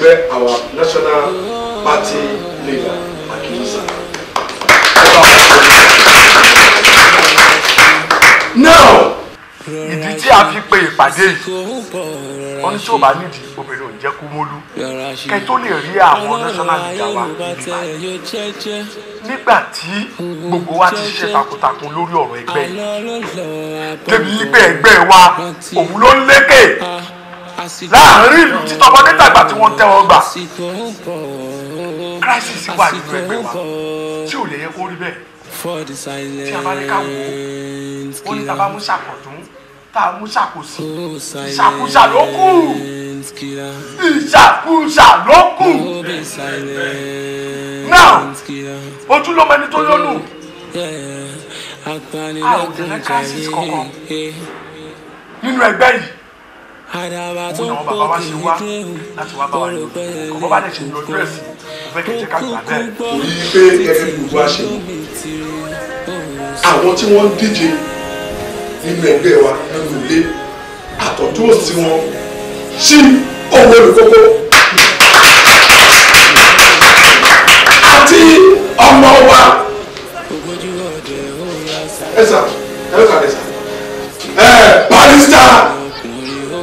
ẹgbẹ́ our national party leader Akinyisa. now ìdí tí a fi pe ìpàdé yìí wọn ní tí ò bá nídìí obìnrin ò ń jẹ́ kó mólú kẹ tó lè rí àwọn national leader wa níbàdí nígbà tí gbogbo wa ti ṣiṣẹ́ takuntakun lórí ọ̀rọ̀ ẹgbẹ́ yìí débi pé ẹgbẹ́ wa òun ló ń lékè láàrin ìlú tí tọmọdé tàgbà tí wọ́n ń tẹ́wọ́ gbà crisis wà nínú ẹgbẹ́ wa tí ò lè yẹ kó rí bẹ́ẹ̀ tí a bá ní ká wò ó ó ní tàbá mú ṣàkọ̀tún tá a mú ṣàkóso ìṣàkóso ló kù ìṣàkóso ló kù now ojúlọ́mọ ẹni tó lónù a ò tẹ̀lé crisis kankan nínú ẹgbẹ́ yìí àdàbà tó ń pọ̀ kéde bọ́ọ̀lù pẹ̀lú kókókó orí pé ẹni gbogbo àṣẹ àwọn tí wọ́n ń díje nínú ẹgbẹ́ wa nínú ilé àtọ̀tún òsì wọn sí ohun olùkókó àti ọmọ wa. ẹ sà ẹ lọ́kàlẹ̀ sà.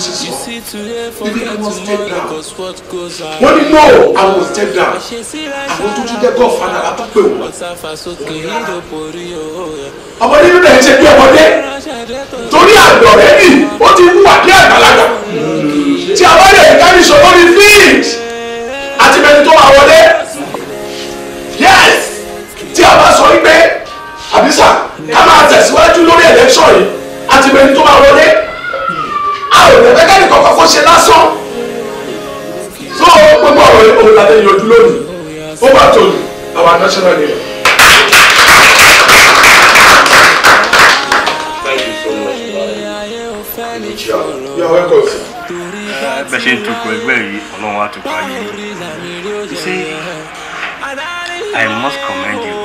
ti sọ ibi I was step down wọ́n ní no I was step down àwọn tó tún jẹ́ gọ́ọ̀fàdà látọ́ pé wọ́n. ọmọdé nínú ẹ̀ ṣe bí ọmọdé torí àgbọ̀ rẹ̀ nì ó ti wúwà bí àgbàlagbà tí àwọn èèyàn kárí sọ lórí field àti mẹni tó máa wọlé yes tí a bá sọ wípé àbísà ká máa tẹ̀síwájú lórí election yìí àti mẹni tó máa wọlé ò lè fẹ́ kọ̀ọ̀kan kó ṣe lásán tó gbogbo ọ̀rọ̀ òun làdé yọjú lónìí ó bá tó lù national leader. Thank you so much, brother. Uh, You're welcome, bẹ́ẹ̀ ṣe ń tukọ̀ ẹgbẹ́ yìí ọlọ́run á tukọ̀ ayé yìí you I must commend you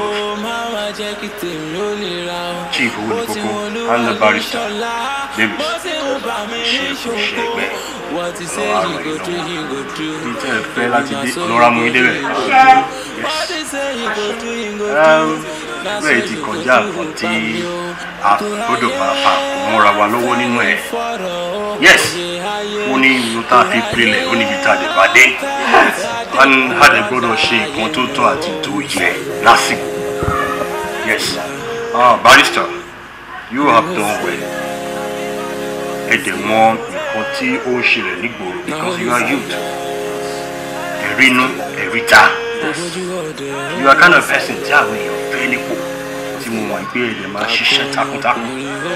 both chief owó hands of barrister baby ṣe ṣe ẹgbẹ lọ́wọ́ àrùn yìí náà níta ẹ̀fẹ́ láti dé lọ́ra mú mi débẹ̀ bẹ́ẹ̀ ti kọjá àkàn tí a gbọ́dọ̀ pàápàá kò mọ́ra wa lọ́wọ́ nínú ẹ̀ yes ó ní ìlú tá a fi pilẹ̀ ó níbi tá a lè bá dé wọn á lè gbọ́dọ̀ ṣe nǹkan tó yes ah barrister you have done well ẹ dẹ̀ mọ nǹkan tí ó ń ṣẹlẹ̀ nígboro because you are youth ẹ̀rí inú ẹ̀rí ta you are kind of person tí àwọn èèyàn fẹ́ nípò tí mo mọ̀ pé ẹ̀dẹ̀ máa ṣiṣẹ́ takuntakun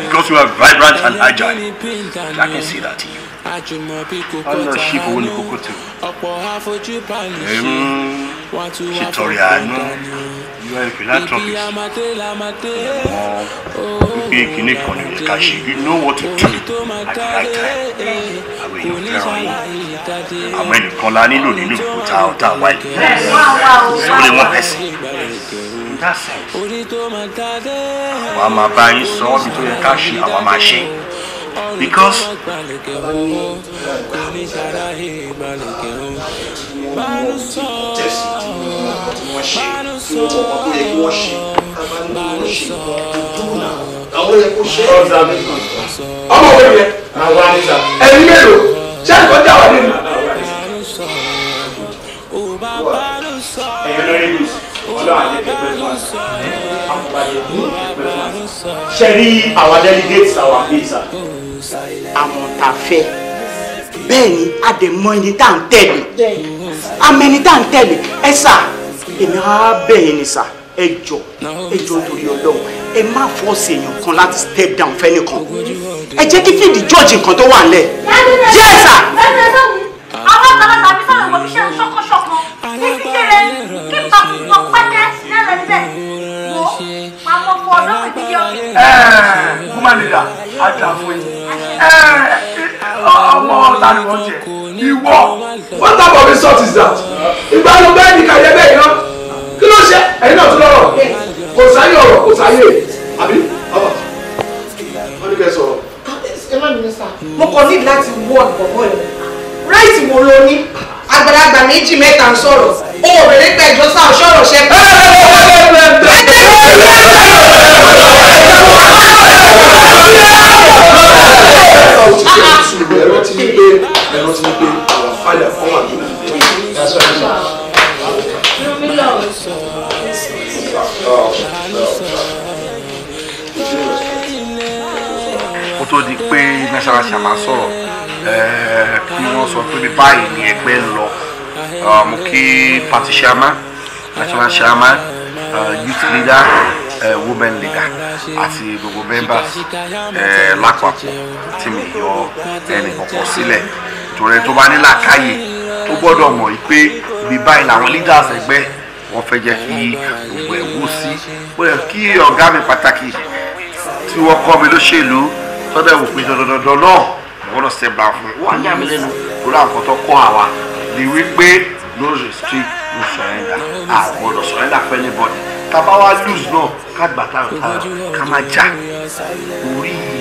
because you are vibrant and agile I can see that in you ọlọ ṣìbò ní kókó tó ẹ̀ ń ṣètọrẹ àánú. UNP latrọfis mọ wípé kìnnì kan ló yẹ ṣe you know what to do at the right time àwọn èèyàn fẹ́ràn yìí àwọn ẹnìkan la nílò nínú ìkúta ọ̀tá wa yìí sórí wọn pẹ̀sì àwọn a máa bá yín sọ ọ́ bí tó yẹ ká ṣe àwọn a máa ṣe because máa ń sọ máa ń sọ àwọn yẹ kó ṣe é ọ̀sán mi ọmọ wo yẹ àwọn àníṣà ẹni mélòó ṣé ẹ̀kọ́ dá wà mi ọlọ́run àjẹkẹ́ pẹ̀lú àṣà àkùbáyé pẹ̀lú àṣà ṣe rí àwọn delegates àwọn bẹ́ẹ̀ ni a dẹ̀ mọ ẹni tá à ń tẹ̀lé amẹni tá à ń tẹ̀lé ẹ sà èmi á bẹ̀yìn ni sà ẹ jọ ẹ jọ torí ọlọ́run ẹ má fọ́ọ̀sì èèyàn kan láti step down fẹ́nìkan ẹ jẹ́ kí fíìdì jọ́ọ̀jì nǹkan tó wà nílẹ̀ yẹ sà. àwọn kan láti àbí sọ̀rọ̀ wọ̀bí ṣe ṣọ́kọ̀ṣọ́kan kí ti kéré kí pàpù kan pẹ́kẹ́ sílẹ̀ lẹ́sẹ̀ wò pàmò fún ọdún ìdíje ọ̀gbìn. ẹ ẹ gúmánilà àjàfóyè ẹ ọmọ ọ̀tá ni wọ́n jẹ ìwọ what type of insult is that ìgbà ló bẹ́ẹ̀ ní kàyé bẹ́ẹ̀ yẹn kí ló ṣe ẹ̀yin náà tún lọ́rọ̀ kò sáyé ọ̀rọ̀ kò sáyé àbí ọ̀rọ̀ wọ́n ní kẹ́ sọ̀rọ̀. ẹ má bínú sá mo kàn ní láti wọ ọ̀gbọ̀gbọ̀ rẹ̀ ráìtì wo ló ní àgbàlagbà méjì mẹ́ta ń sọ̀rọ̀ ohun òrèlè pẹ̀jọ́ sá ọ̀ṣọ́rọ̀ ṣẹ́ Thank you ẹ rántí wípé àwọn fáìlì àfọwọ́ àbí ìdásọ́ ẹ̀ sọ. kó tó di pé national chairman sọ̀rọ̀ kí wọ́n sọ pé bí báyìí ni ẹgbẹ́ ń lọ mo kí party chairman national chairman youth leader uh, women leader àti gbogbo members uh, lápapọ̀ tí mi yọ ẹnì kọ̀ọ̀kan sílẹ̀ torí tó bá ní làákàyè tó gbọ́dọ̀ mọ̀ pé ibi báyìí làwọn leaders ẹgbẹ́ wọ́n fẹ́ jẹ́ kí gbogbo ẹ̀ wó sí ó kí ọ̀gá mi pàtàkì tí wọ́n kọ́ mi lóṣèlú tọ́dọ̀ ìwòpin dandandandan náà wọ́n lọ step fún un wọ́n á yà lórí àwọn tó kọ́ àwa ni wípé no restrict no surrender àgbọ̀dọ̀ surrender for anybody tàbá wa lose náà ká gbà ká má jà orí yìí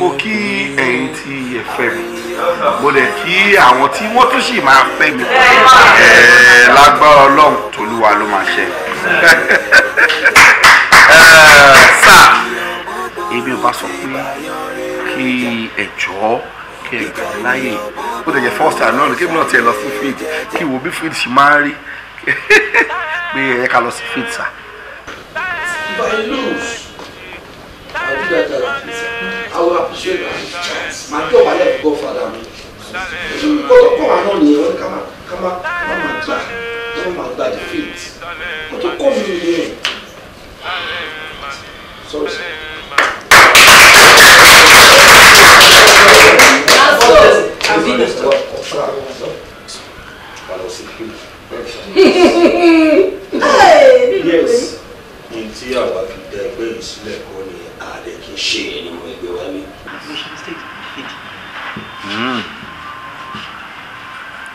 mo kí ẹ̀yin tí ẹ fẹ́ mi mo dẹ̀ kí àwọn tí wọ́n tún sì máa fẹ́ mi lágbára ọlọ́run tolúwa ló máa ṣe sá èmi ò bá sọ pé kí ẹ jọ̀ọ́ kí ẹ gbà láyè ó tẹ̀yẹ fọ́ọ̀sì àná ni kébìnrin ọ̀tí ẹ lọ sí fíìdì kí wo bí fíìdì ṣe máa ń rí pé ẹ ká lọ sí fíìdì sá. by lose i do that kind of thing will appreciate my my job I left godfather mi kótó kó àná nìyẹn wọn ká má ká má ká má gbà ká má the faith kótó kó mi nìyẹn sorry. yes, ntí àdẹ kì í ṣe ẹni mo gbé wálé. Hmm.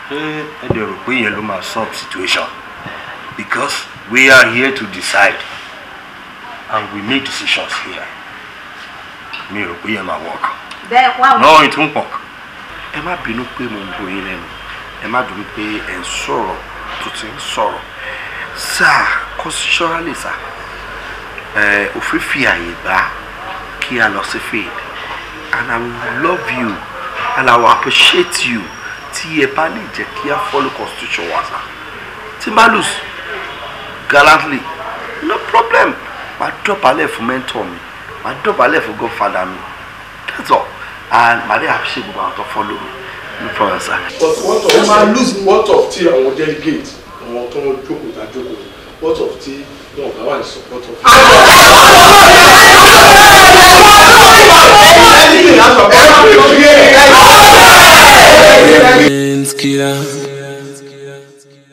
ṣé ẹ dẹ̀ pé ìyẹn ló máa solve situation because we are here to decide and we make decisions here mi rò pé ìyẹn máa work. bẹ́ẹ̀ wá wọ́n. no it won't work. ẹ má bínú pé mo ń bo yín lẹ́nu ẹ má bínú pé ẹ ń sọ̀rọ̀ tó ti ń sọ̀rọ̀ sáà constitutionally sáà ẹ òfin fi àyè gbà kí a lọ sí faith and i will love you and i will appreciate you tí ẹ bá lè jẹ́ kí a follow constitution wa sa tí gallantly no problem màá dọ̀bálẹ̀ fún mentor mi màá dọ̀bálẹ̀ fún godfather mi that's all and màá happy appreciate gbogbo àwọn tó follow me no problem sir. but what of ẹ what of ti àwọn delegate àwọn tó ń jókòó tá jókòó what of ti. Donc, I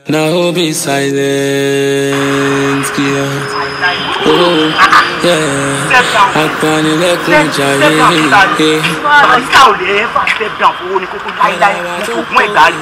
Now be silent, yeah. Oh, yeah. Agbani lẹ́kùn jàre. Bàbá ìta ò lè ẹ́fà step down fowó ní kókó láíláí ní fògùn ẹ̀dá rí.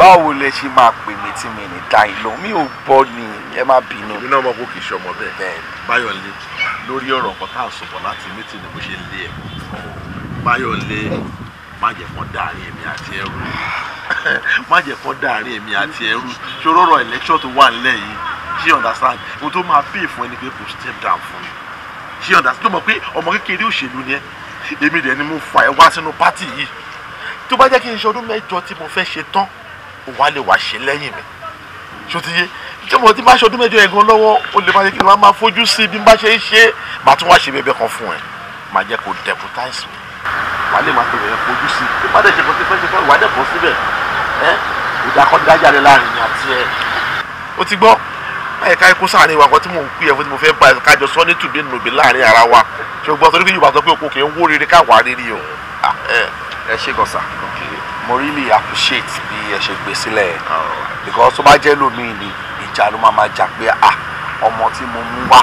báwo lè ṣe máa pè mí tí mi ní dá yín lóhùn mi ò gbọ́ ni ẹ má bínú. èmi náà mọ̀ pé kì í ṣe ọmọ bẹ́ẹ̀ báyọ̀lé lórí ọ̀rọ̀ kan tá à ń sọ̀bọ̀ láti mítìnì bó ṣe ń lé ẹ̀ báyọ̀lé má jẹ́ èmi àti ẹrú má jẹ́ èmi àti ẹrú ṣòro ọ̀rọ̀ tó wà nílẹ̀ yìí ṣé understand ohun tó máa pè fún ẹni pé kò step down fún mi ṣé understand tó mọ̀ pé ọmọ kékeré òṣèlú ni ẹ èmi rẹ̀ ni mo fà ẹ wá sínú pátì yìí tó bá jẹ́ kí n ṣe ọdún mẹ́jọ tí mo fẹ́ ṣe tán kó wá lè wá ṣe lẹ́yìn mi ṣòtìyé jọ̀wọ́ tí bá ṣe ọdún mẹ́jọ yẹn gan o lè má ṣe kí n máa fojú sí bí n bá ṣe ń ṣe màá tún wá ṣe bẹ́ẹ̀ bẹ́ẹ̀ kan fún ẹ màá jẹ́ kó deputize mi wàá lè máa tẹ̀lé yẹn fojú sí bí bá dẹ̀ ṣe kọ́ sí fẹ́ ṣe fẹ́ wàá dẹ̀ bọ́ síbẹ̀ ẹ ìdákọ́dájà rẹ láàrin yàn àti o ti gbọ́ báyìí ká kó sáà ní wa nǹkan tí mò ń pè é fún tí mo fẹ́ bá ẹ kájọ sọ ní tùbí nùbí láàrin ara wa ṣùgbọ́n torí bí Yorùbá sọ pé òkú kì í wó ṣe mo really appreciate bí ẹ ṣe gbé sílẹ̀ oh. because tó bá jẹ́ lómìn ni ìjà ló máa ma jà pé ah ọmọ tí mo mú wá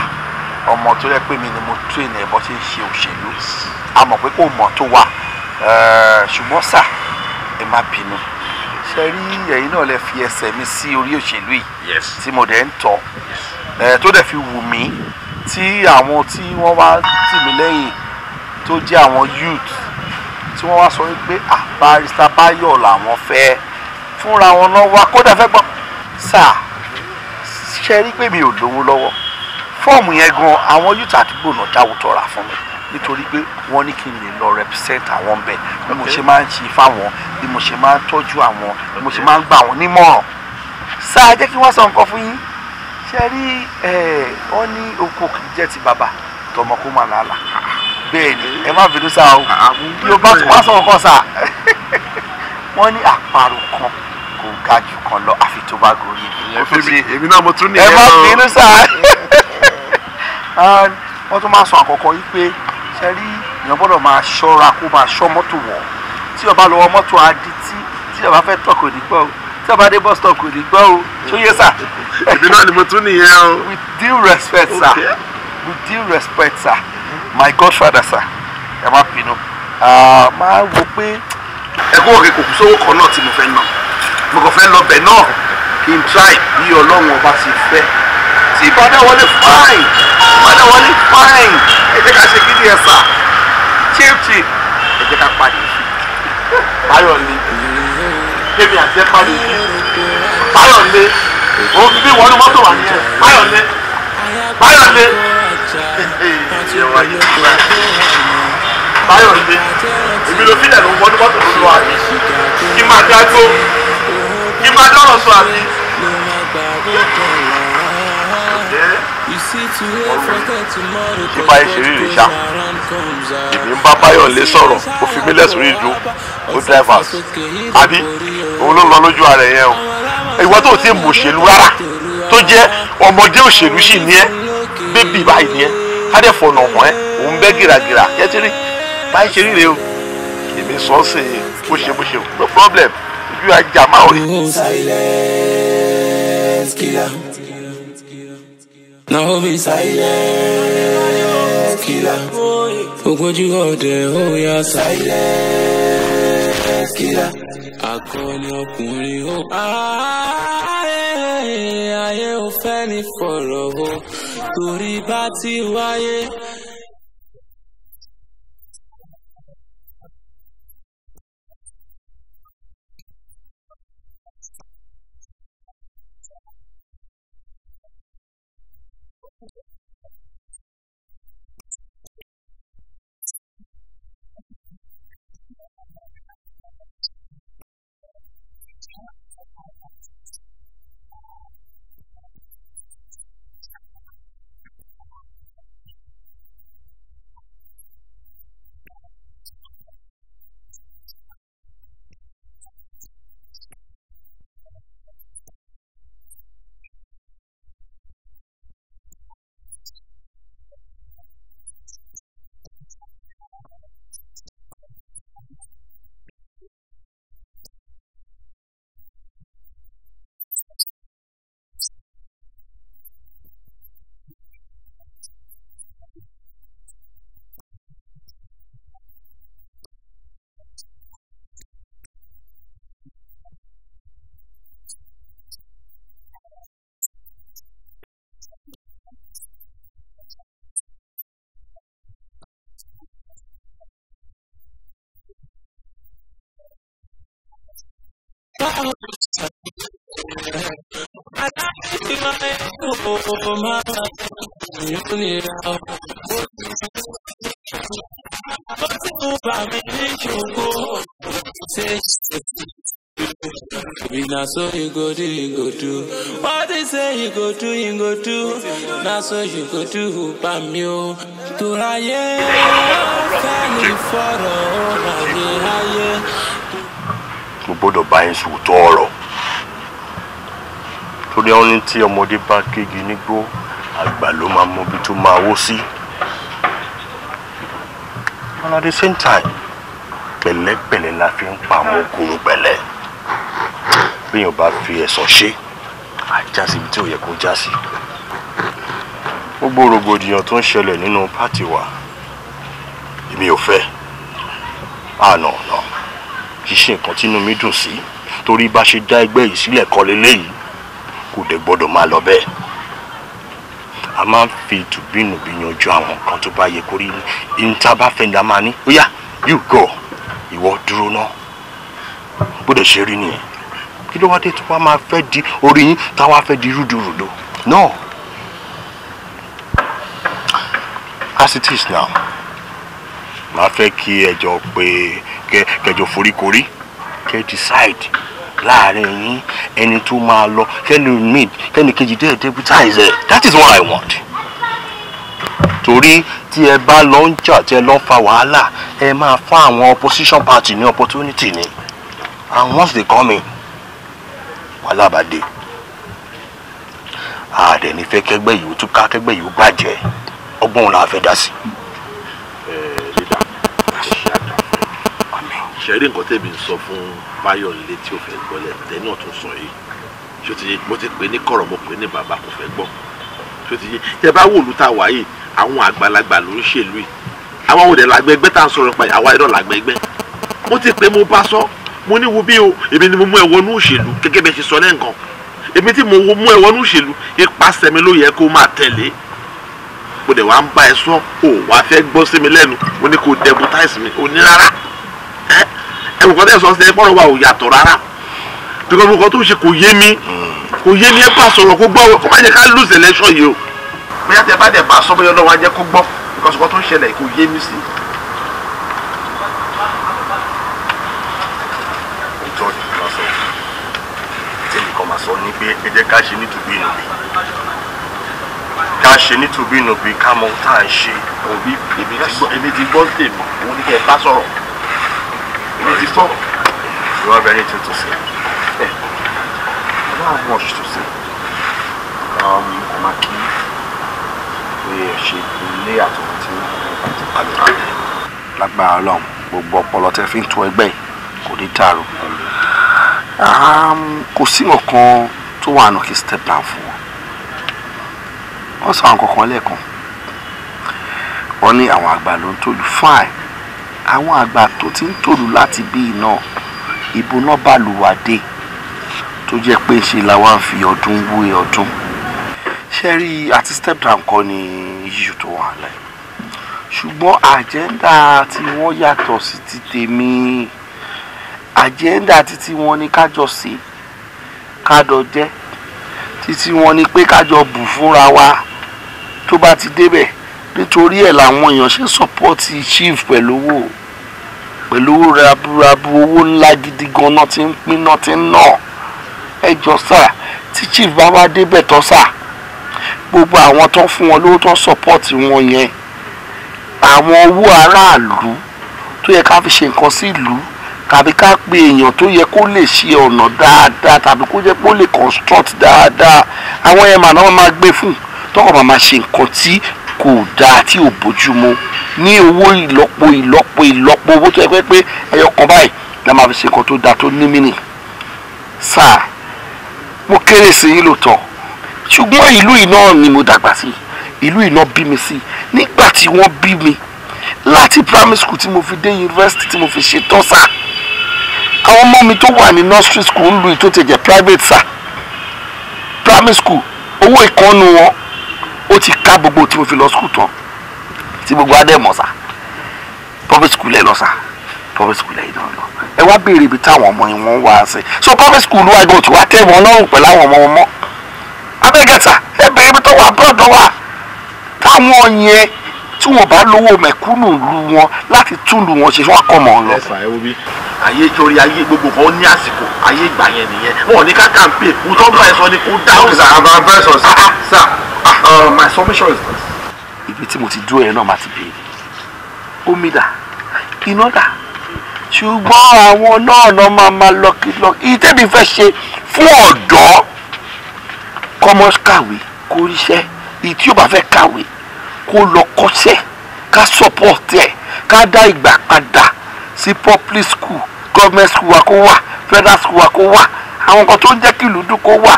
ọmọ tó yẹ pé mi ni mo train ẹ bó ṣe ń ṣe òṣèlú a mọ̀ pé kò mọ̀ tó wà eh, ṣùgbọ́n sà ẹ má bínú ṣe rí ẹ̀yin náà lè fi ẹsẹ̀ mi sí orí òṣèlú yìí tí mo dẹ̀ ń tọ́ eh, tó dẹ̀ fi wù mí tí àwọn tí wọ́n wá tì mí lẹ́yìn tó jẹ́ àwọn youth tí wọ́n wá sọ wípé àbárísà báyọ̀ làwọn fẹ́ fúnra wọn náà wá kódà fẹ́ gbọ́ sáà ṣe rí pé mi ò lówó lọ́wọ́ fọ́ọ̀mù yẹn gan àwọn youth àdúgbò náà dáwó tọrà fún mi nítorí pé wọ́n ní kí n lè lọ represent àwọn ń bẹ bí mo ṣe máa ń ṣe fáwọn bí mo ṣe máa ń tọ́jú àwọn bí mo ṣe máa ń gbà wọ́n nímọ̀ràn sáà jẹ́ kí wọ́n sọ nǹkan fún yín ṣe rí ẹ̀ wọ́n ní oko kì jẹ́ ti bàbá tọmọ kó bẹ́ẹ̀ ni ẹ má bínú sá o yorùbá tó wá sọ̀rọ̀ kan sá wọ́n ní àparò kan kò ga jù kan lọ àfi tó bá gorí èmi náà mo tún ní ẹ má bínú sá ah, wọ́n tún máa sọ àkọ́kọ́ yìí pé ṣe rí èèyàn gbọ́dọ̀ máa ṣọ́ra kó máa ṣọ́ mọ́tò wọ̀ tí ó lọ́wọ́ mọ́tò adití tí ó bá fẹ́ tọ̀ kò ní gbọ́ o tí ó dé bus kò ní gbọ́ o ṣóyè sà. èmi náà ni mo tún nìyẹn o. with due respect sir with due respect sir my godfather sir ẹ má pinnu máa wo pé. ẹgbẹ́ òkè kò kù sówó kan náà tí mo fẹ́ ná mo kàn fẹ́ lọ bẹ̀ náà kí n try bí ọlọ́run ọba ti fẹ́ tí ìbádá wọlé fine ìbádá wọlé fine ẹ jẹ́ ká ṣe kí ni ẹ sà chief chief ẹ jẹ́ ká pàdé báyọ̀ ni èmi àti ẹ pàdé báyọ̀ ni òun fi bí wọnú mọ́tò wà ní ẹ báyọ̀ ni báyọ̀ ni báyọ̀ ṣe èmi ló fílẹ̀ ló ń wọ́n nígbà lọ àbí kí máa dá gbó kí máa dọ́rọ̀ sọ àbí. Nípa ìṣeré rè ṣá, èmi ń bá Báyọ̀lé sọ̀rọ̀, ó fi mí lẹ́sùn rí ju ó drivers. Àbí òun ló lọ lójú ara ẹ̀ yẹn o. Ìwọ tó ti mọ̀ òṣèlú rárá tó jẹ́ ọmọdé òṣèlú sì ní ẹ́ bébì báyìí nìyẹn ká dẹ̀ fọ̀nà hàn ẹ́ òun bẹ́ gìràgìrà yẹtìrì báyìí ṣe ríre o èmi sọ ọ́ sí i bó ṣe bó ṣe no problem ojú ajá máa rí. silence killer no be silence killer ogojú ọ̀dẹ̀ ó yá silence killer akọni ọkùnrin ó. Oh, ayé ah, eh, eh, eh, ayé ò fẹ́ ní fọ̀rọ̀ o torí bá ti wáyé. nira o. Mo ti mú bàmí ní ṣògo. Ṣé ṣe If na so you go do, you go do. What they say you go do, you go do. Na so you go do, Bamio. Turaye, Kali Foro, Aye, Aye. Mo gbọ́dọ̀ bá yín sòótọ́ ọ̀rọ̀. Torí àwọn ní tí ọmọdé bá kéji nígbó àgbà ló máa mọ ibi tó máa wó sí and at the same time pẹ̀lẹ́pẹ̀lẹ́ la fi ń pa àwọn okòrò pẹ̀lẹ́ bíyàn bá fi ẹ̀sán ṣe àjásí ibi tí ò yẹ kó jásí gbogbo rògbòdìyàn tó ń ṣẹlẹ̀ nínú pátì wa èmi ò fẹ́ àná ah, ọ̀nà kì í ṣe nǹkan mi dùn sí torí bá ṣe dá ẹgbẹ́ yìí sílẹ̀ kọ́ leléyìí kò dé gbọ́dọ̀ máa lọ bẹ́ẹ̀ a máa ń fi tùbínùbí yanjú àwọn nǹkan tó bá yẹ kó rí níta bá fẹ́ ní a máa ní ó yá you go ìwọ dúró náà gbọ́dọ̀ ṣe rí nìyẹn kí ló wá dé tó wá máa fẹ́ di orí yín táwa fẹ́ di rúdurùdo náà as it is now màá fẹ́ kí ẹjọ́ pé kẹjọ foríkorí kẹ́ decide láàrin yín ẹni tó máa lọ kẹ́ni mid kẹ́ni kejì dé deputize ẹ̀ that is what i want. torí tí ẹ bá lọ ń jà tí ẹ lọ ń fa wàhálà ẹ máa fún àwọn opposition party ní opportunity ni and once they come in wàhálà bá dé ààrẹ ní fẹ́ kẹ́gbẹ́ yìí ó tún ká kẹ́gbẹ́ yìí ó bàjẹ́ ọgbọ́n la fẹ́ dá sí i. ṣẹ̀rí nǹkan tẹ̀mí ń sọ fún báyọ̀ nílé tí ò fẹ́ gbọ́ lẹ́nu tẹ̀ náà tún sọ yìí ṣó ti mo ti pè ní kọ̀rọ̀ mo pè ní bàbá kò fẹ́ gbọ́ ṣó ti yé tẹ bá wò lùtà wá yìí àwọn àgbàlagbà ló ń ṣèlú yìí àwọn òde làgbẹ́ ẹgbẹ́ tá à ń sọ̀rọ̀ pa àwa ẹ̀rọ làgbẹ́ ẹgbẹ́ mo ti pè mo bá sọ mo ní wo bí o èmi ni mo mú ẹ wọnú òṣèlú gẹ́gẹ́ bẹ́ẹ̀ ṣe sọ lẹ́ǹkan èmi tí mo mú ẹ wọnú òṣèlú ipasẹ̀ mi ló yẹ kó máa tẹ̀lé mo dẹ̀ wá ń bá ẹ sọ ò wá fẹ́ gbọ́ sí mi lẹ́nu mo ní kó deputize mi ò ní rárá ẹ̀wù kan tẹ̀ sọ sí ẹ wa ò yàtọ̀ rárá because nǹkan tó ń ṣe kò yé mi kò yé mi ẹ bá sọ̀rọ̀ kó gbọ́ kó má jẹ́ ká lose election yìí o. bóyá tẹ bá dẹ̀ bá sọ bóyá ọlọ́wọ́ á kó gbọ́ because nǹkan tó ń ṣẹlẹ̀ kò yé mi sí. ká ṣe nítubí ìnùbí ká ká mọ tá à ń ṣe. òbí èmi ti gbọ́ tèmi òun ní kẹ́ ẹ bá sọ̀rọ̀ eighty four you have anything to say yeah. I don't have much to say um amaki pé ṣe ilé àtọ̀wọ̀ tí àgbà lágbára Ọlọ́run gbogbo ọpọlọ tẹ́ fi ń tún ẹgbẹ́ kò ní dàrú um, kò sí ọ̀kan tó wà nù kí step down fún wọn wọ́n sọ àwọn kankan lẹ́ẹ̀kan wọ́n ní àwọn àgbà ló ń tọ́jú fine àwọn àgbà tó ti ń tòlù láti bí iná ìbò náà bá lùwà dé tó jẹ́ pé ṣe làwa ń fi ọdún wé ọdún ṣe rí àti step down kọ́ ni yíyù tó wà lẹ́yìn ṣùgbọ́n àjẹ́ndà tí wọ́n yàtọ̀ sí ti tèmi àjẹ́ndà títí wọn ni kájọ sí kájọ jẹ́ títí wọn ni pé kájọ bù fúnra wa tó bá ti débẹ̀ nítorí ẹ̀ làwọn èèyàn ṣe sọ́pọ́ọ̀tì chief pẹ̀lú owó pẹ̀lú raburabu owó ńlá gidi gan náà ti ń pín náà ti ń nà ẹ jọ sà tí chief bá wá débẹ̀ tán sà gbogbo àwọn tó ń fún wọn lówó tó ń sọpọ́ọ̀tì wọn yẹn àwọn owó aráàlú tó yẹ ká fi ṣe nǹkan sí ìlú tàbí ká pe èèyàn tó yẹ kó lè ṣe ọ̀nà dáadáa tàbí kó jẹ́ kó lè construct dáadáa àwọn yẹn màá náà máa gbé fún tọkọ̀ máa ṣe nǹkan tí kò dáa tí ò bójúmu ní owó ìlọ́po ìlọ́po ìlọ́po owó tó yẹ pé pé ẹyọ kan báyìí la máa fi ṣe nǹkan tó dáa tó ní mí nì sáà mo kéré sí yín lóòótọ́ ṣùgbọ́n ìlú iná ni mo dàgbà sí ìlú iná bí mi sí nígbà tí wọ́n bí mi láti primary school tí mo fi dé university tí mo fi ṣe tán sáà àwọn ọmọ mi tó wà ní nursery school ń lu ìtòtẹ̀jẹ̀ private sáà primary school owó ìkànnù wọn ó ti ká gbogbo tí mo fi lọ skul tán tí gbogbo adé mọ̀ sá public school ẹ̀ lọ sá public school ẹ̀ náà lọ ẹ wá béèrè ibi táwọn ọmọ yẹn wọ́n wá sí so public school wa gan ti wá tẹ́ wọn lọ́rùn pẹ̀lú àwọn ọmọ wọn mọ́ abẹ́gẹ́ta ẹ béèrè ibi tó wà abroad wà táwọn yẹn tí wọn bá lówó mẹ̀kúnnù lu wọn láti tún lu wọn ṣe wọn kọ mọ ọ lọ. ayé torí ayé gbogbo kan ní àsìkò ayé ìgbà yẹn nìyẹn wọn ò ní ká kàǹpé òótọ́ bá ẹ sọ ni kó dáhùn. sà àbá bẹ́ẹ̀ sọ sà. Um, my submission is this. Ibi tí mo ti dúró yẹn náà máa ti béèrè. Omidà, iná dà. Ṣùgbọ́n àwọn náà lọ máa máa lọ́kìlọ́kì. Ìtẹ́bi fẹ́ ṣe fún ọ̀dọ́. Kọ́mọ́ kàwé kó ríṣẹ́. Ìtí ò bá fẹ́ kàwé kó lọ kọ́ṣẹ́. Ká support ẹ̀. Ká dá ìgbà padà sí public school, government school wa kó wà, federal school wa kó wà àwọn nǹkan tó ń jẹ́ kí ìlú dúkọ́ wà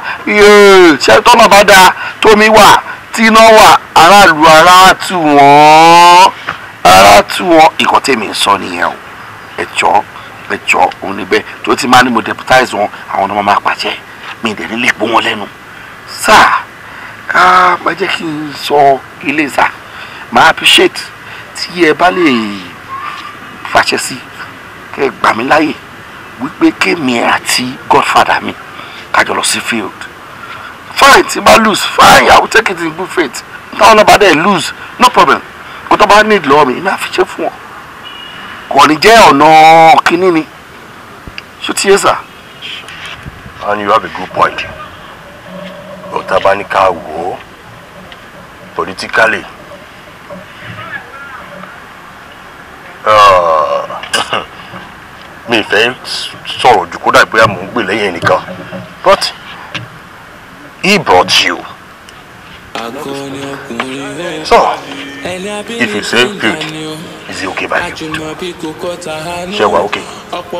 ṣé tọ́nà bá dáa tómi wà tíná wà aráàlú ara tù wọ́n ara tù wọ́n ìkan tèmi ń sọ nìyẹn o ẹ̀jọ́ ẹ̀jọ́ òun níbẹ̀ tó ti máa ní mo deputize wọn àwọn ọmọ máa pàṣẹ mi ìdẹ̀ nílé gbó wọn lẹ́nu sáà á máa jẹ́ kí n sọ ilé ìsà máa appreciate tí ẹ bá lè fàṣẹ sí kẹ gbà wípé kémi àti godfather mi kájọ lọ sí field fine tí bá lose fine i will take it in good faith táwọn náà bá dẹ̀ lose no problem kó tó bá need lọ́wọ́ mi iná àfiṣe fún ọ kò ní jẹ́ ọ̀nà kínní ni ṣó ti yé sà. and you have a good point ọ̀tá bá ní ká wò ó politically uh, mi ì fẹ́ sọ̀rọ̀ jù kódà pé mò ń gbè lẹ́yìn ẹnìkan but he brought you. So, if you say good, is it okay by you? Sure, wa okay?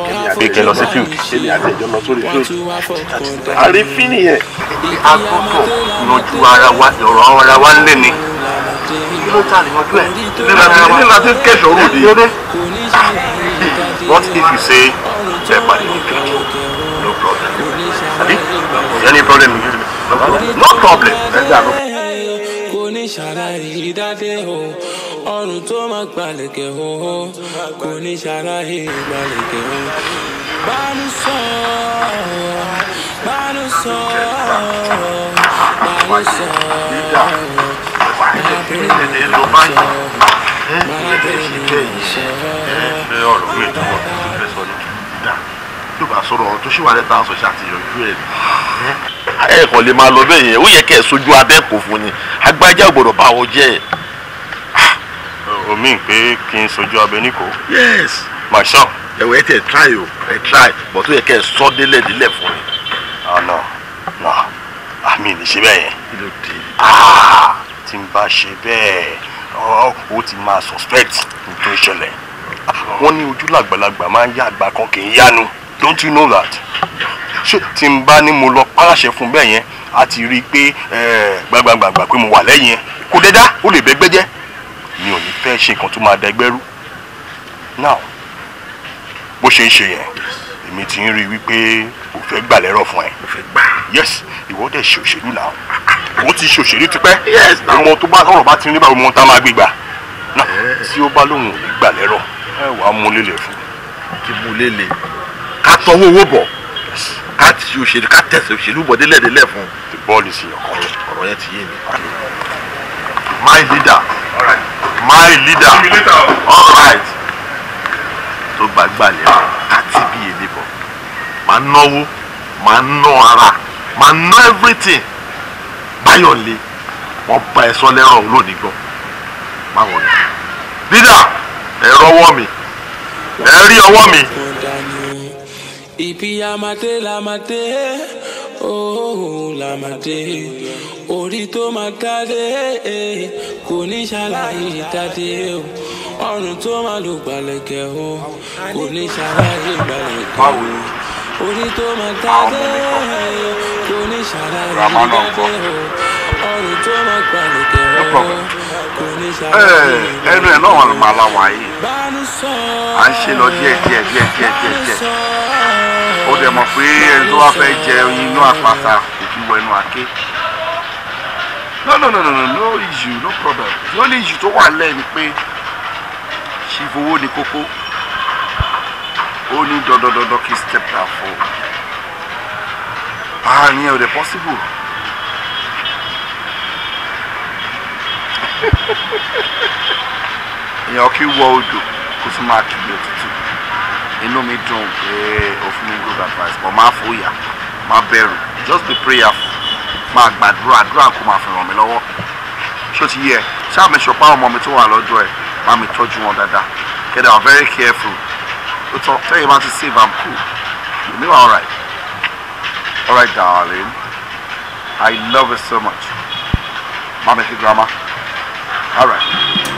Èmi àti Ike lọ sí field. Èmi àti Ìjọ lọ sórí field. Àrífín nìyẹn. A gbọ́dọ̀ yanjú ara wa ọ̀rọ̀ ara wa ń lé ni. Kí ló ta àníyànjú ẹ̀? Ní láti kẹ́sọ̀ rò dé. What if you say, ṣe pàdé ní kejì? No problem. Àbí? Is there any problem? no problem. kò ní ṣàlàyé dáadé o ọrùn tó máa gbalẹ̀kẹ̀ o kò ní ṣàlàyé gbalẹ̀kẹ̀ o. bánú sọ bánú sọ bánú sọ bánú sọ tó bá sọ̀rọ̀ ọ̀rọ̀ tó ṣì wà lẹ́ta sọ̀ṣà àti ìyọ̀jú ẹ̀ ẹ lè máa lọ bẹ́ẹ̀ yẹn ó yẹ kẹ́ ẹ sojú abẹ́ kò fún ni agbájá gbọ́dọ̀ bá wọn jẹ́ ẹ̀. Ah, o pé kí n sojú abẹ ní kò. yes. marshal. ẹ̀wọ̀ ẹ tẹ̀ try o ẹ try but ó yẹ kẹ́ ẹ sọ délẹ̀ délẹ̀ fún mi. ọ̀nà nà àmì ní ṣe bẹ́ẹ̀ yẹn. kí ló dé. Ah, tí n bá ṣe bẹ́ẹ̀ oh, ó ti máa suspect tó ṣẹlẹ̀ ah, wọ́n ní ojú làgbàlagbà máa ń yá àgbà kan kì í yánu don't you know that ṣé tí n bá ní mo lọ pàṣẹ fún bẹ́ẹ̀ yẹn a ti rí i pé gbàgbàgbàgbà pé mo wà lẹ́yìn ẹ̀ kò dé dá ó lè bẹ́gbẹ́ jẹ́ mi ò ní fẹ́ ṣe nǹkan tó máa da ẹgbẹ́ rú now bó ṣe ń ṣe yẹn èmi ti ń rí i wípé kò fẹ́ gbà lẹ́rọ̀ fún ẹ yes ìwọ dẹ̀ ṣe òṣèlú náà ó ti ṣe òṣèlú tipẹ́ ọmọ tó bá ọ̀rọ̀ bá ti ní báwo ọmọ tá máa gbé náà tí ó bá lóun ò ní gbà lẹ́rọ̀ ẹ wàá mú lélẹ̀ fún. kí mú lélẹ̀ ká owó bọ̀ ká ti òṣèlú ká tẹ̀sẹ̀ òṣèlú bọ̀ délẹ̀ délẹ̀ fún. the ball is in your court. ọ̀rọ̀ yẹn ti yé mi. my leader. my leader. all right. tó gbàgbà lẹ́nu ká tí bí èmi bọ̀ máa náwó máa ná ara máa ná everything báyọ̀ lé wọ́n bá ẹ sọ lẹ́rọ̀ lónìí gbọ́ báwọn ni. leader ẹ̀rọ ọwọ́ mi ẹ̀rí ọwọ́ mi. Et puis à maté, la maté, oh la maté, orito matade, eh, koni ṣàlàyé tade o, ọrùn tó máa lò gbàlẹ̀kẹ̀ o, koni ṣàlàyé gbàlẹ̀kẹ̀ o, orito matade, koni ṣàlàyé tade o, ọrùn tó máa gbàlẹ̀kẹ̀ o, koni ṣàlàyé gbàlẹ̀kẹ̀ eh, o. Ẹnu ẹ̀ náà wà lọ́wọ́ à ń ṣe lọ díẹ̀ díẹ̀ díẹ̀ díẹ̀ díẹ̀ ó dẹ̀ mọ̀ pé ẹni tó wá fẹ́ jẹ inú àpáta òkú ẹnu àké no no no no no no issue no problem the only issue tó wà lẹ́ẹ̀ ni pé ṣìfowó ni kókó ó ní dandandandan kí step down fún un àárín ẹ̀ ò dẹ̀ possible. èèyàn kì í wọ odò kó tún máa kí bí òtútù inú mi dùn pé o fún mi good advice but má fòyà má bẹ̀rù just be prayerful máa gbàdúrà àdúrà kó máa fi ràn mí lọ́wọ́ ṣó ti yẹ ṣáà mi ṣọpá ọmọ mi tó wà lọ́dọ̀ ẹ̀ má mi tọ́jú wọn dáadáa kẹ́ dà very careful ó tọ́ tẹ́yìn bá ti save am cool you know all right all right darling I love you so much. Mama, grandma. All right.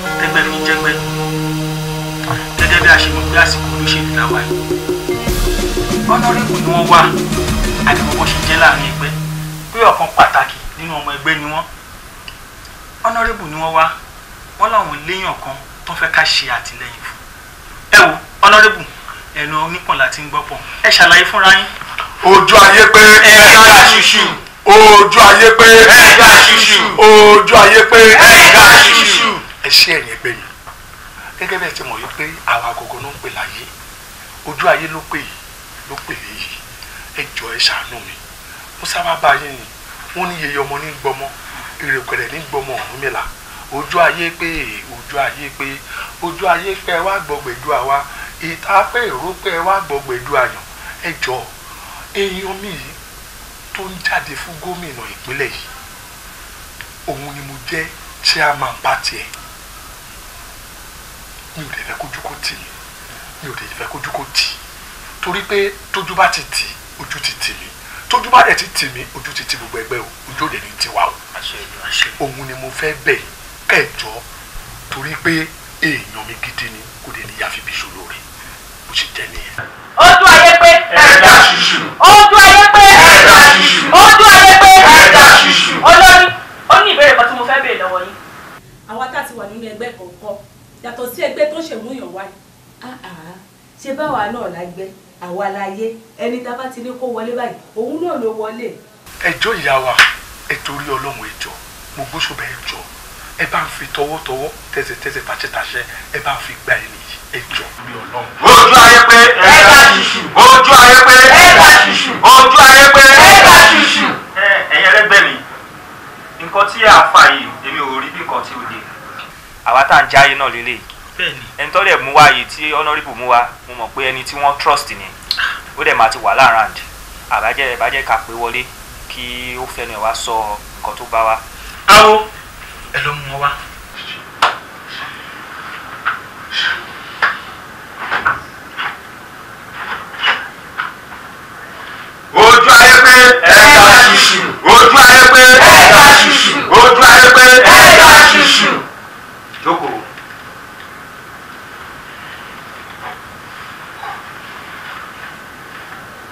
tẹ́gbẹ́ fi jẹ́gbẹ́ gẹ́gẹ́ bí a ṣe mọ̀ pé àsìkò olóṣèlú la wà yìí ni wọ́n wà àdìmọ́kọ́ ṣe jẹ́ láàrin ẹgbẹ́ pé ọ̀kan pàtàkì nínú ọmọ ẹgbẹ́ ni wọ́n ọ̀nàrẹ́bù ni wọ́n wà wọ́n láwọn léèyàn kan tó fẹ́ ká ṣe àtìlẹ́yìn fún ẹ wo ọ̀nàrẹ́bù ẹnu onípọ̀n láti ń gbọ́pọ̀ ẹ ṣàlàyé fúnra yín. ojú ayé pé ẹ̀dá ṣíṣù ojú ayé pé ẹ̀dá ṣíṣù ojú ayé pé ẹ̀dá ṣíṣù ẹ ṣé ẹ̀yin ẹgbẹ́ mi gẹ́gẹ́ bẹ́ẹ̀ ti mọ̀ yìí pé àwa agogo ló ń pè láyé ojú ayé ló pè yìí ló pè yìí ẹ jọ ẹ ṣàánú mi mo sábà bá yín ni wọ́n ní yeye ọmọ ní gbọmọ ìrèpẹ̀rẹ̀ ní gbọmọ ọ̀hún mi là ojú ayé pé ojú ayé pé ojú ayé pé ẹ wá gbọgbẹ̀du àwa ìta pé èrò pé ẹ wá gbọgbẹ̀du àyàn ẹ jọ èèyàn mi yìí tó ń jáde fún gómìnà ìpínlẹ̀ yìí òun ni mo jẹ́ chairman party ẹ̀ mi ò lè fẹ́ kójú kó tì mi ò lè fẹ́ kójú kó tì torí pé tójú bá ti tì ojú ti tì mí tójú bá dẹ̀ ti tì mí ojú ti tì gbogbo ẹgbẹ́ o ojú òde ni tiwa o òun ni mo fẹ́ bẹ̀ kẹjọ torí pé èèyàn mi gidi ni kò dé ní yàfi bí ṣòro rẹ bó ṣe jẹ nìyẹn. ojú ayé pé ẹ̀dá ṣùṣù ojú ayé pé ẹ̀dá ṣùṣù ojú ayé pé ẹ̀dá ṣùṣù olórí ó ní ìbéèrè kan tí mo fẹ́ béèrè lọ́wọ́ yín yàtọ̀ sí ẹgbẹ́ tó ṣe mú yàn wáyé. Ah, ah. ṣé báwa náà la gbẹ àwa la yé ẹni tá a bá ti ní kó wọlé báyìí òun náà ló wọlé. ẹjọ́ ìyá wa ẹ torí ọlọ́run ẹjọ́ mo gbóṣù bẹ́ẹ̀ jọ ẹ bá ń fi tọwọ́tọwọ́ tẹsẹ̀tẹsẹ̀ tàṣẹtàṣẹ ẹ bá ń fi gba ẹni yìí ẹjọ́ mi ọlọ́run. ojú ayé pé ẹ bá ṣùṣù ojú ayé pé ẹ bá ṣùṣù ojú ayé pé ẹ bá ṣùṣù. ẹ̀yin ẹlẹgbẹ́ mi nǹkan tí àáfà yìí èmi ò rí bí nǹkan tí ó le àwa tá à ń jáyé náà lélẹ̀ ẹni tọ́lẹ̀ mú wá yìí tí honourable mú wá mo mọ̀ pé ẹni tí wọ́n trust ni ó dẹ̀ máa ti wà láàrin àǹdí àbájẹ́ ìbájẹ́ ká pé wọlé kí ó fẹnu ẹ̀ wá sọ nǹkan tó bá wa. awo ẹ ló mú wọn ojú ayé pé ẹ̀ka ṣíṣù ojú ayé pé ẹ̀ka ṣíṣù ojú ayé pé ẹ̀ka ṣíṣù jókòó.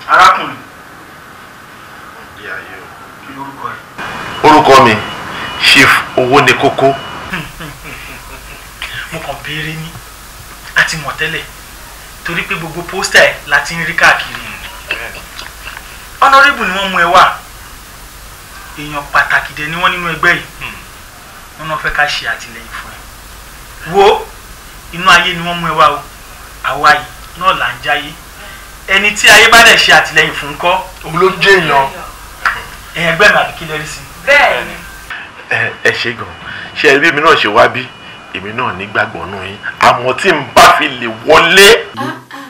arákùnrin. kí lorúkọ rẹ. orúkọ mi chief owó ni kókó. mo kàn béèrè ní àti mọ̀ tẹ́lẹ̀ torí pé gbogbo pósítà ẹ̀ la ti ń rí káàkiri ọ̀nàrẹ́bù ni wọ́n mú ẹ wá èèyàn pàtàkì dẹ̀ ni wọ́n nínú ẹgbẹ́ yìí hmm. wọ́n náà fẹ́ ká ṣe àtìlẹ́yìn fún ẹ wo inú ayé ni wọ́n mú ẹ wá o àwa yìí náà là ń jáyé ẹni tí ayé bá dẹ̀ ṣe àtìlẹyìn fún kọ́ òun ló jẹ́ èèyàn ẹ̀yìn ẹgbẹ́ mi àbí kí lẹ́rìí sí. bẹ́ẹ̀ni. ẹ ẹ ṣe gan ṣe ẹ bí èmi náà ṣe wá bí èmi náà nígbàgbọ́ nù yín àmọ́ tí n bá fi lè wọlé. Ah, ah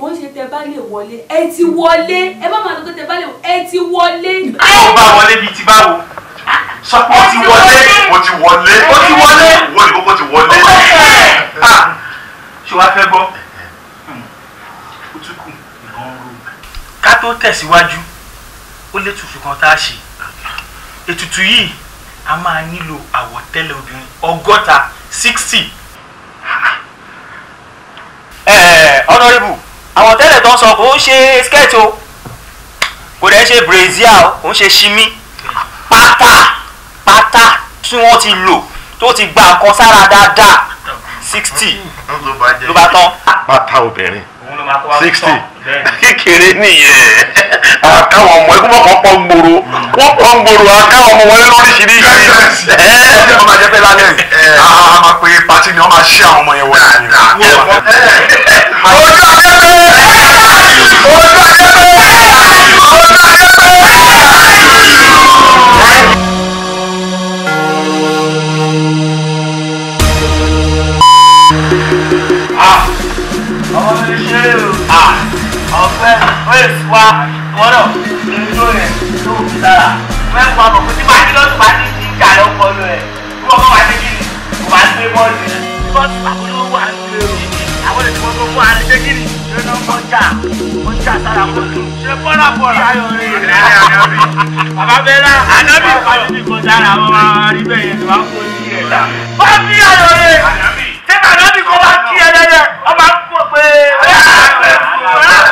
kò ń ṣe tẹ bá lè wọlé ẹ ti wọlé ẹ má máa dọ́gbẹ́ tẹ bá lè wọlé ẹ ti wọlé. àwọn bá wọlé bíi ti báwo sọ pé ó ti wọlé ó ti wọlé ó ti wọlé wọ́n ní kókó ti wọlé. Ah, ṣé wàá fẹ́ gbọ́ hmm, ó tún ro. ká tó tẹ̀síwájú ó lè tutù kan tá a ṣe ètùtù yìí a máa nílò àwọ̀tẹ́lẹ̀ obìnrin ọgọ́ta sixty. ọ̀nàrẹ́bù. Eh, àwọn tẹ́lẹ̀ tó ń sọ kò ń ṣe skirt o kò dẹ̀ ń ṣe brazil o kò ń ṣe shimi pátá pátá tí wọ́n ti lò tó ti gba nǹkan sára dáadáa sixty ló bá tán. pátá obìnrin sixty kékeré nìyẹn àtàwọn ọmọ ẹgbẹ́ wọn kọ́ gbòòrò wọn kọ́ gbòòrò àtàwọn ọmọ wọlé lóríṣiríṣi. ẹ̀ẹ́dẹ̀ ọmọ ajẹ́ bẹ́ẹ̀ lálẹ́ àá máa pe pati ni wọ́n máa ṣe àwọn ọmọ yẹn wọlé. ojú ajẹ́ ojú ajẹ́ ojú ajẹ́ grace wa ìwọ náà rẹ̀ ló fi lára mẹ́fà mọ̀ tí màá ní lọ́sùn máa ní kí ìjà rẹ̀ ọkọ lọ rẹ̀ bí wọ́n bá wà ní kíni kò máa gbé bọ́ọ̀lù rẹ̀ bọ́ọ̀lù àkọlówó wà ní ìlú àwọn èdè wọn tó mú àrùn ṣé kíni ṣé ló ń bọ́ jà ó ń jà sára wọn tó ṣe bọ́lá bọ́lá ayọ̀ rẹ̀ rẹ̀ ànábì bàbá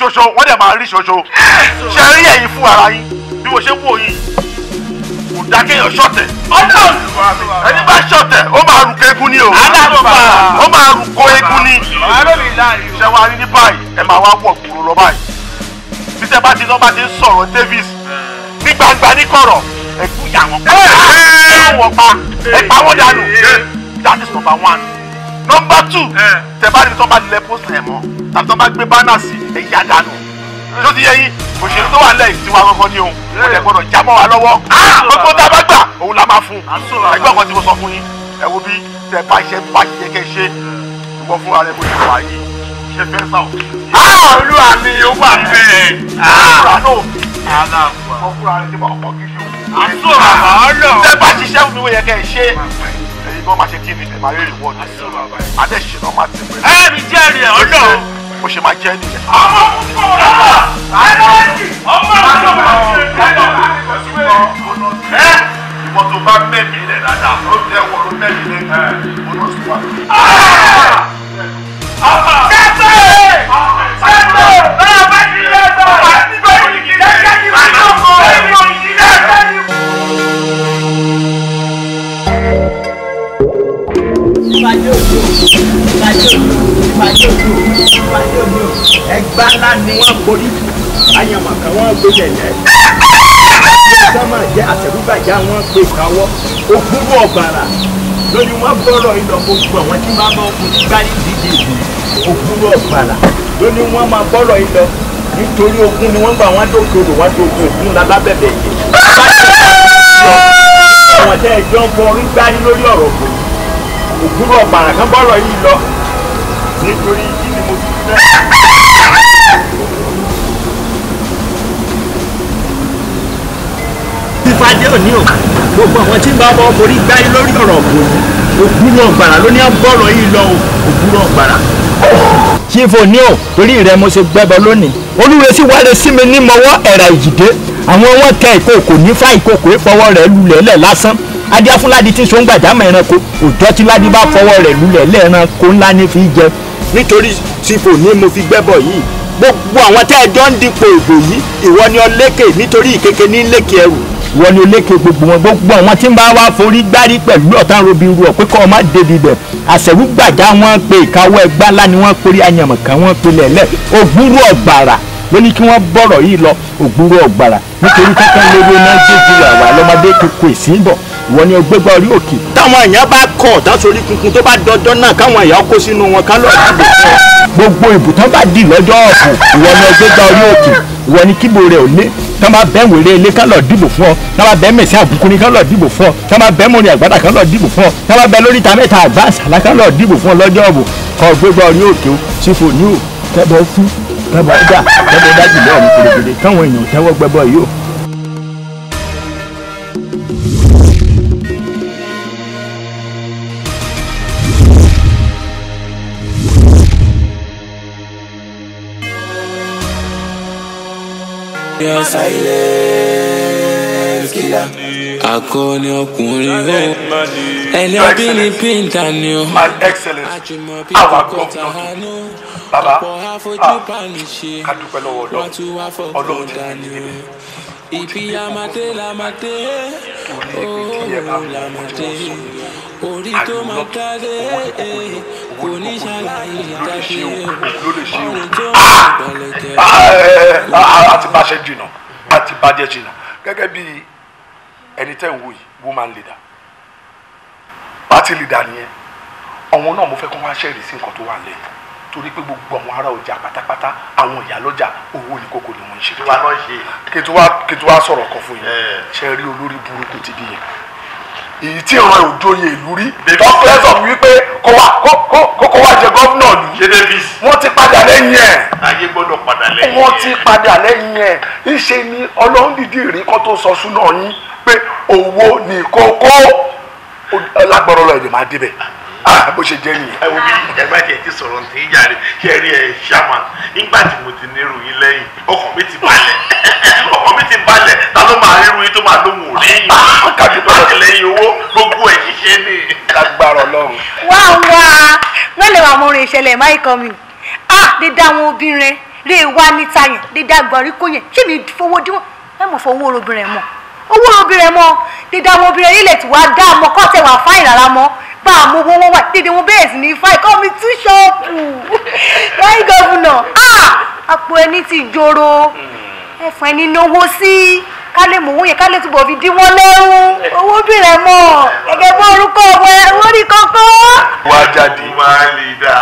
ṣoṣo wọ́n dẹ̀ máa rí ṣoṣo ṣe rí ẹ̀yin fún ara yín bí mo ṣe ń wò yìí kò dá kéèyàn ṣọ̀tẹ̀ ẹni bá ṣọ̀tẹ̀ ó máa rù kéegun ni o ó máa rù kó eegun ni ṣe wá rí ní báyìí ẹ máa wá wọ̀ gbòòrò lọ báyìí bí sẹ́ bá ti lọ́ bá ti ń sọ̀rọ̀ Davis ní gbangba ní kọ̀rọ̀ ẹ̀kú ìyàwó pa ẹ̀ wọ̀ pa ẹ̀ pa wọ́n dànù that is number one nọmba two eh. tẹ bá níbi tó bá lẹ pósítà ẹ mọ tàbí tó bá gbé bánà sí ẹ yá dànù ló eh. ti yẹ yín òṣèlú tó wà lẹ́yìn tiwa kankan ni o kò eh. dẹ̀ gbọ́dọ̀ já mọ́ wa lọ́wọ́ gbogbo tá a bá gbà òun la máa fún ẹgbẹ́ ọkọ tí mo sọ fún yín ẹ wo bí tẹ bá iṣẹ́ bá yẹ kẹ́ ṣe ìwọ fúnra rẹ bó ṣe wà yìí ṣe fẹ́ sá o. Ah! olúwa mi ò wà bẹ́ẹ̀. ọkùnrin ah! náà ọkùnrin àti ọkọ̀ kìí ṣe òkú. àtúrà ah! ọ̀rọ̀. tẹ bá ṣiṣẹ́ fún mi wọ́n yẹ kẹ́ ṣe ẹ̀yin gan máa ṣe kí ni ẹ̀ máa rí reward adé ṣe náà máa ti pè. ẹ mi jẹ́ ẹ̀rí ẹ̀ ọ̀nà. mo ṣe máa jẹ́ ẹ̀ nìyẹn. ọmọ púpọ̀ ọ̀nà àìlọ́ọ̀dì ọmọ àti ọmọ àti ọmọ ẹ ìwọ tó bá mẹ́mí rẹ̀ dáadáa ó jẹ́ wọ ló mẹ́mí rẹ̀ ẹ̀ ọ̀nà sì wà. kẹ́tẹ́ kẹ́tẹ́ bá a bá ti lẹ́tọ̀ọ́ ìpàdé òbí òbí ìpàdé òbí òbí ẹgbà ńlá ni wọ́n borí ayàmàkà wọ́n gbé lẹ̀lẹ́ sọ́mà jẹ́ àtẹ̀rúgbàjá wọ́n gbé káwọ́ ògúnwó ọ̀bàrà lórí wọ́n bọ́rọ̀ ìlọ gbogbo àwọn tí máa bọ́ fún gbá ìdíje ìlú ògúnwó ọ̀bàrà lórí wọ́n máa bọ́rọ̀ ìlọ nítorí ogun ni wọ́n gbà wọ́n dókè odò wọ́n dókè ògún lálábẹ̀bẹ̀ yìí àwọn tẹ́ ẹ̀jọ́ ń fọ orí gbárí lórí ọ̀rọ̀ ògúnwó ọ̀bàrà kan bọ́rọ̀ yìí lọ nítorí kí ni mo ti fẹ́. ìfàdé òní o gbogbo àwọn tí ń bá bọ́ forí gbáyé lórí ọ̀rọ̀ ògbó ògbúrò ọ̀gbàrà ló ní àbọ̀rọ̀ yìí lọ ògbúrò ọ̀gbàrà. ṣífò ní o torí rẹ mo ṣe gbẹbọ lónìí olúwe sì wá lè sí mi ní mọwọ ẹ̀rà ìjìdé àwọn wọn tẹ ìkòkò nífà ìkòkò ìfọwọ́ rẹ̀ lulẹ̀ lẹ̀ lásán adíáfúnládì tí sóńgbàjámọ̀ ẹranko òjọ́ tí ládì bá fọwọ́ rẹ̀ lulẹ̀ lẹ́ẹ̀ranko ńlá ní fi jẹ nítorí tí kò ní mo fi gbẹ́bọ̀ yìí gbogbo àwọn tẹ́ ẹ jọ ń dipò ìbò yìí ìwọ ni ọlékè nítorí ìkéke ní lékè ẹrù. ìwọ ni olékè gbogbo wọn gbogbo àwọn tí ń bá wá forí gbárí pẹ̀lú ọ̀tá robi ru ọ̀pẹ́ kọ́ ọ má débi bẹ̀ àṣẹ̀wúgbàjá wọn pe ìkáwọ́ ẹgbá ńlá ni wọ́n porí àyànmọ̀ kan wọ́n pilẹ̀ lẹ̀ ògbúrú ọ̀gbàrà ló ní kí wọ́n bọ̀rọ̀ yìí lọ ògbúrú ọ̀gbàrà nítorí kọ́kọ́ lórí náà wọ́n ní ọgbẹ́gbà orí òkè. táwọn èèyàn bá kọ̀ dásorí kunkun tó bá dọjọ́ náà káwọn èèyàn kó sínú wọn ká lọ́ọ́ dìbò fún ọ. gbogbo ìbùtán bá dì lọ́jọ́ ọ̀kùn wọ́n ní ọgbẹ́gbà orí òkè wọ́n ní kíbo rẹ̀ ò lé tá máa bẹ́ wèrè ilé ká lọ́ọ́ dìbò fún ọ tá máa bẹ́ mẹ̀sí àbùkúni ká lọ́ọ́ dìbò fún ọ tá máa bẹ́ mọ̀rin àgbàdà ká lọ́ọ́ dìbò fún ọ tá máa bẹ́ lórí ta mẹ́ta àgbà àṣàlá ká lọ́ọ́ dìbò fún ọ lọ́jọ́ ọ̀bù kọ́ gbégbá orí òkè o sífò ní o kẹ́bọ̀ fún kẹ́bọ̀ dà kẹ́bọ̀ dájú lẹ́ọ̀mù kúròkèrè káwọn èèyàn tẹ́wọ́ gbẹ́bọ̀ yìí o killer silence killer. akọni ọkùnrin o ẹni ọbí ni pínta ni o àjùmọ̀bí kọta hánú ọ̀pọ̀ àfojú bá ah, mi ṣe wọ́n tún wá fọ́ọ̀kọ̀ dání o. Ibi la máa dé la máa dé, ooo la máa dé. Orí tó máa dádé, kò ní ṣàlàyé dádé. Orin tó máa balẹ̀ jẹ́. A ti báṣẹ́ jìnnà, a ti bájẹ́ jìnnà. Gẹ́gẹ́ bí ẹni tẹ́ ń wò yìí, woman leader. Party leader nìyẹn. Àwọn náà mo fẹ́ kó wá torí pé gbogbo àwọn ará ọjà pátápátá àwọn ìyálọ́jà owó ní kókó ni wọ́n ń ṣe. kí wàá lọ ṣe. kí tí wàá sọ̀rọ̀ kan fún yín ṣe rí olórí burúkú ti bí yẹn èyí tí ìran òjòyè ìlú rí lọ́pẹ́sọ̀ wípé kó wá kó wá jẹ gómìnà lù wọ́n ti padà lẹ́yìn ẹ̀ ayé gbọ́dọ̀ padà lẹ́yìn ẹ̀ wọ́n ti padà lẹ́yìn ẹ̀ ńṣe ni ọlọ́run dìdí rí kó tó sọ súná yín pé owó ní kókó lágbọ́rọ̀ lọ́ọ́ èdè máa Ah, bó ṣe jẹ́ nìyẹn. ẹ wo bí ìjàgbá tiẹ̀ ti sọ̀rọ̀ ní ìyàrá kẹrí ẹ ṣàmà nígbà tí mo ti nírú yín lẹ́yìn ọkàn mi ti balẹ̀ ọkàn mi ti balẹ̀ ta ló máa ríru yín tó máa lóhùn ah, lẹ́yìn àtìlẹ́yìn owó gbogbo ẹ̀ ṣiṣẹ́ ni. lágbára Ọlọ́run. wá wá lọ́lẹ̀ wà mo rìn ìṣẹ̀lẹ̀ máì kan mi ah dídá àwọn obìnrin lè wá níta yẹn dídá gbọ̀rí kó yẹn kí mi fowó díwọ̀n ẹ mọ̀ fowó obìnrin mọ̀ owó obìnrin mọ̀ dídá àwọn obìnrin yìí lè ti wá dá àmọ́ kọ́tẹ̀ wà fáìn rárá mọ́ bá a mú owó wá dédé wọn bẹ́ẹ̀ sì ní ifá ikọ́ mi tú ṣọ́ọ̀pù governor. Ah, àpò ẹni ti joro hmm. ẹ̀fọn ẹni náwó sí ká lè mú wọn yẹn ká lè túbọ̀ fi dí wọn lẹ́rú owó bìrẹ̀ mọ́ gẹ́gẹ́ bọ́ orúkọ ọ̀wẹ́ owó ní kọ́kọ́. wá jáde máa ń lè dà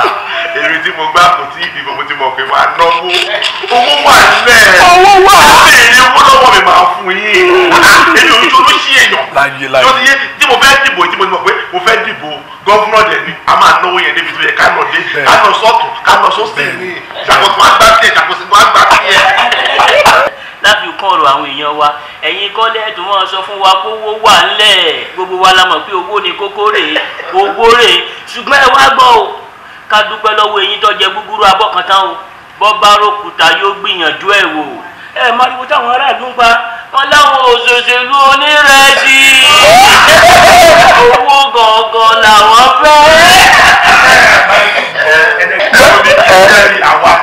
èrè tí mo gbà kò tí ì dìbò mo ti mọ̀ pé máa náwó owó wà nílẹ̀ owó wà nílẹ̀ ní owó lọ́wọ́ mi máa fún yín èmi ò ń tó ló ṣí èèyàn láyé láyé tó ti yé tí mo fẹ́ dìbò tí mo ti mọ̀ pé mo fẹ́ dìbò gọ́fúnà dẹ̀ ni a máa náwó yẹn débi tó yẹ ká nọ̀ dé ká nọ̀ sọ́ọ̀tún ká nọ̀ sọ́ọ̀tún ṣàkóso àgbà tiẹ̀ ṣàkóso àgbà tiẹ̀ láfi kọ̀rọ̀ àwọn èèyàn wa ẹ̀yin kọ́lẹ́ ẹ̀dùn wọn sọ fún wa kówó wà ńlẹ̀ gbogbo wa la mọ̀ pé owó ni kókó rèé owó rèé ṣùgbọ́n ẹ wá gbọ́ o ká dúpẹ́ lọ́wọ́ eyín tó jẹ gbúgbúrú abọ́kàntán o bọ́bá rókùtà yóò gbìyànjú ẹ̀ wò ẹ mọ́riwo táwọn aráàlú ń pa wọn láwọn òṣèṣèlú onírẹsì owó gọ̀ọ̀gàn làwọn fẹ́. ẹ ẹ ẹ ẹ ẹ ẹ ẹ àwa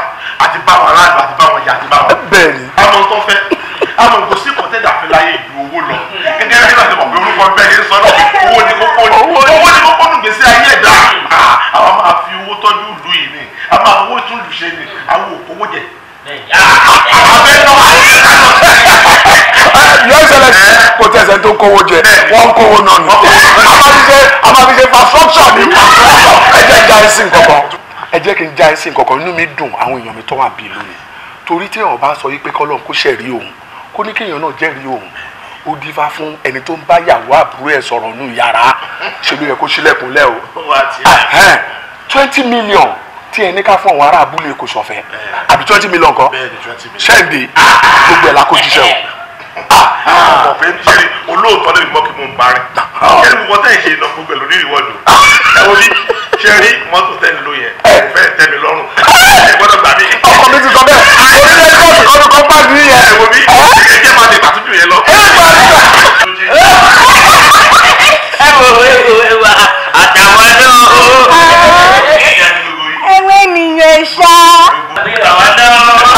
àti bá wọn aráàlú àti bá wọn ìyá àti bá wọn. bẹ́ẹ̀ni. àmọ́ tó fẹ́ àmọ́ kò sí kọtẹ́dà fi láyé ju owó lọ gẹ́gẹ́ bí wọ́n ti mọ̀ pé orúkọ bẹ́ẹ̀ ń sọ náà owó ni kókó ni owó ni kókó ni gbèsè ayé ẹ̀dá àwọn máa fi owó tọ́jú ìlú yìí ni a máa owó tún lù ṣe ni àwọn òkú owó jẹ. àwọn abẹ́rẹ́ náà wà ní ìlànà lẹ́sẹ̀lẹ̀ sí kò tẹ̀sẹ̀ tó kówó jẹ wọ́n ń kówó náà ni a máa fi ṣe a máa fi ṣe infrastructure ní infrastructure ẹ̀jẹ̀ ìjà ẹ̀sìn kankan ẹ jẹ́ kí n já ẹsìn kankan inú mi dùn àwọn èèyàn mi tó wà bí lónìí torí tí èèyàn bá sọ yìí pé kọ́lọ́n kó ṣẹ̀rí òun kó ní kéèyàn náà jẹ́rìí òun ó dífá fún ẹni tó ń bá yàwó àbúrò ẹ̀ sọ̀rọ̀ nù yàrá ṣe ló yẹ kó ṣílẹ̀kùn lẹ́ o twenty million tí ẹni ká fún àwọn ará abúlé kò ṣọ̀fẹ́ àbí twenty million kan ṣẹ́ǹdì gbogbo ẹ̀ la kó jíṣẹ́ o. Ah, ah. ọ̀fẹ́ ń jẹ́rìí olóòótọ́ lè mọ́ kí mo ń parí ah. kẹ́rin wọ́tẹ́ ìṣe ìnáwó gbẹ̀lú ní ìwọ́dù ẹ̀wọ́n ní ṣe rí mọ́tò tẹ́ni ló yẹn kò fẹ́ tẹ́mi lọ́rùn ẹ gbọ́dọ̀ gbà mí. ọkọ mi ti sọ bẹ́ẹ̀ onílé kóòtù kan tó kọ pàdé yẹn. ẹ mi ẹ jẹ́ máa lè bàtújù yẹn lọ. ẹ gbà nígbà. ẹ wò ẹ wà àtàwọn náà. ẹwé nìyẹn ṣá. àtàwọn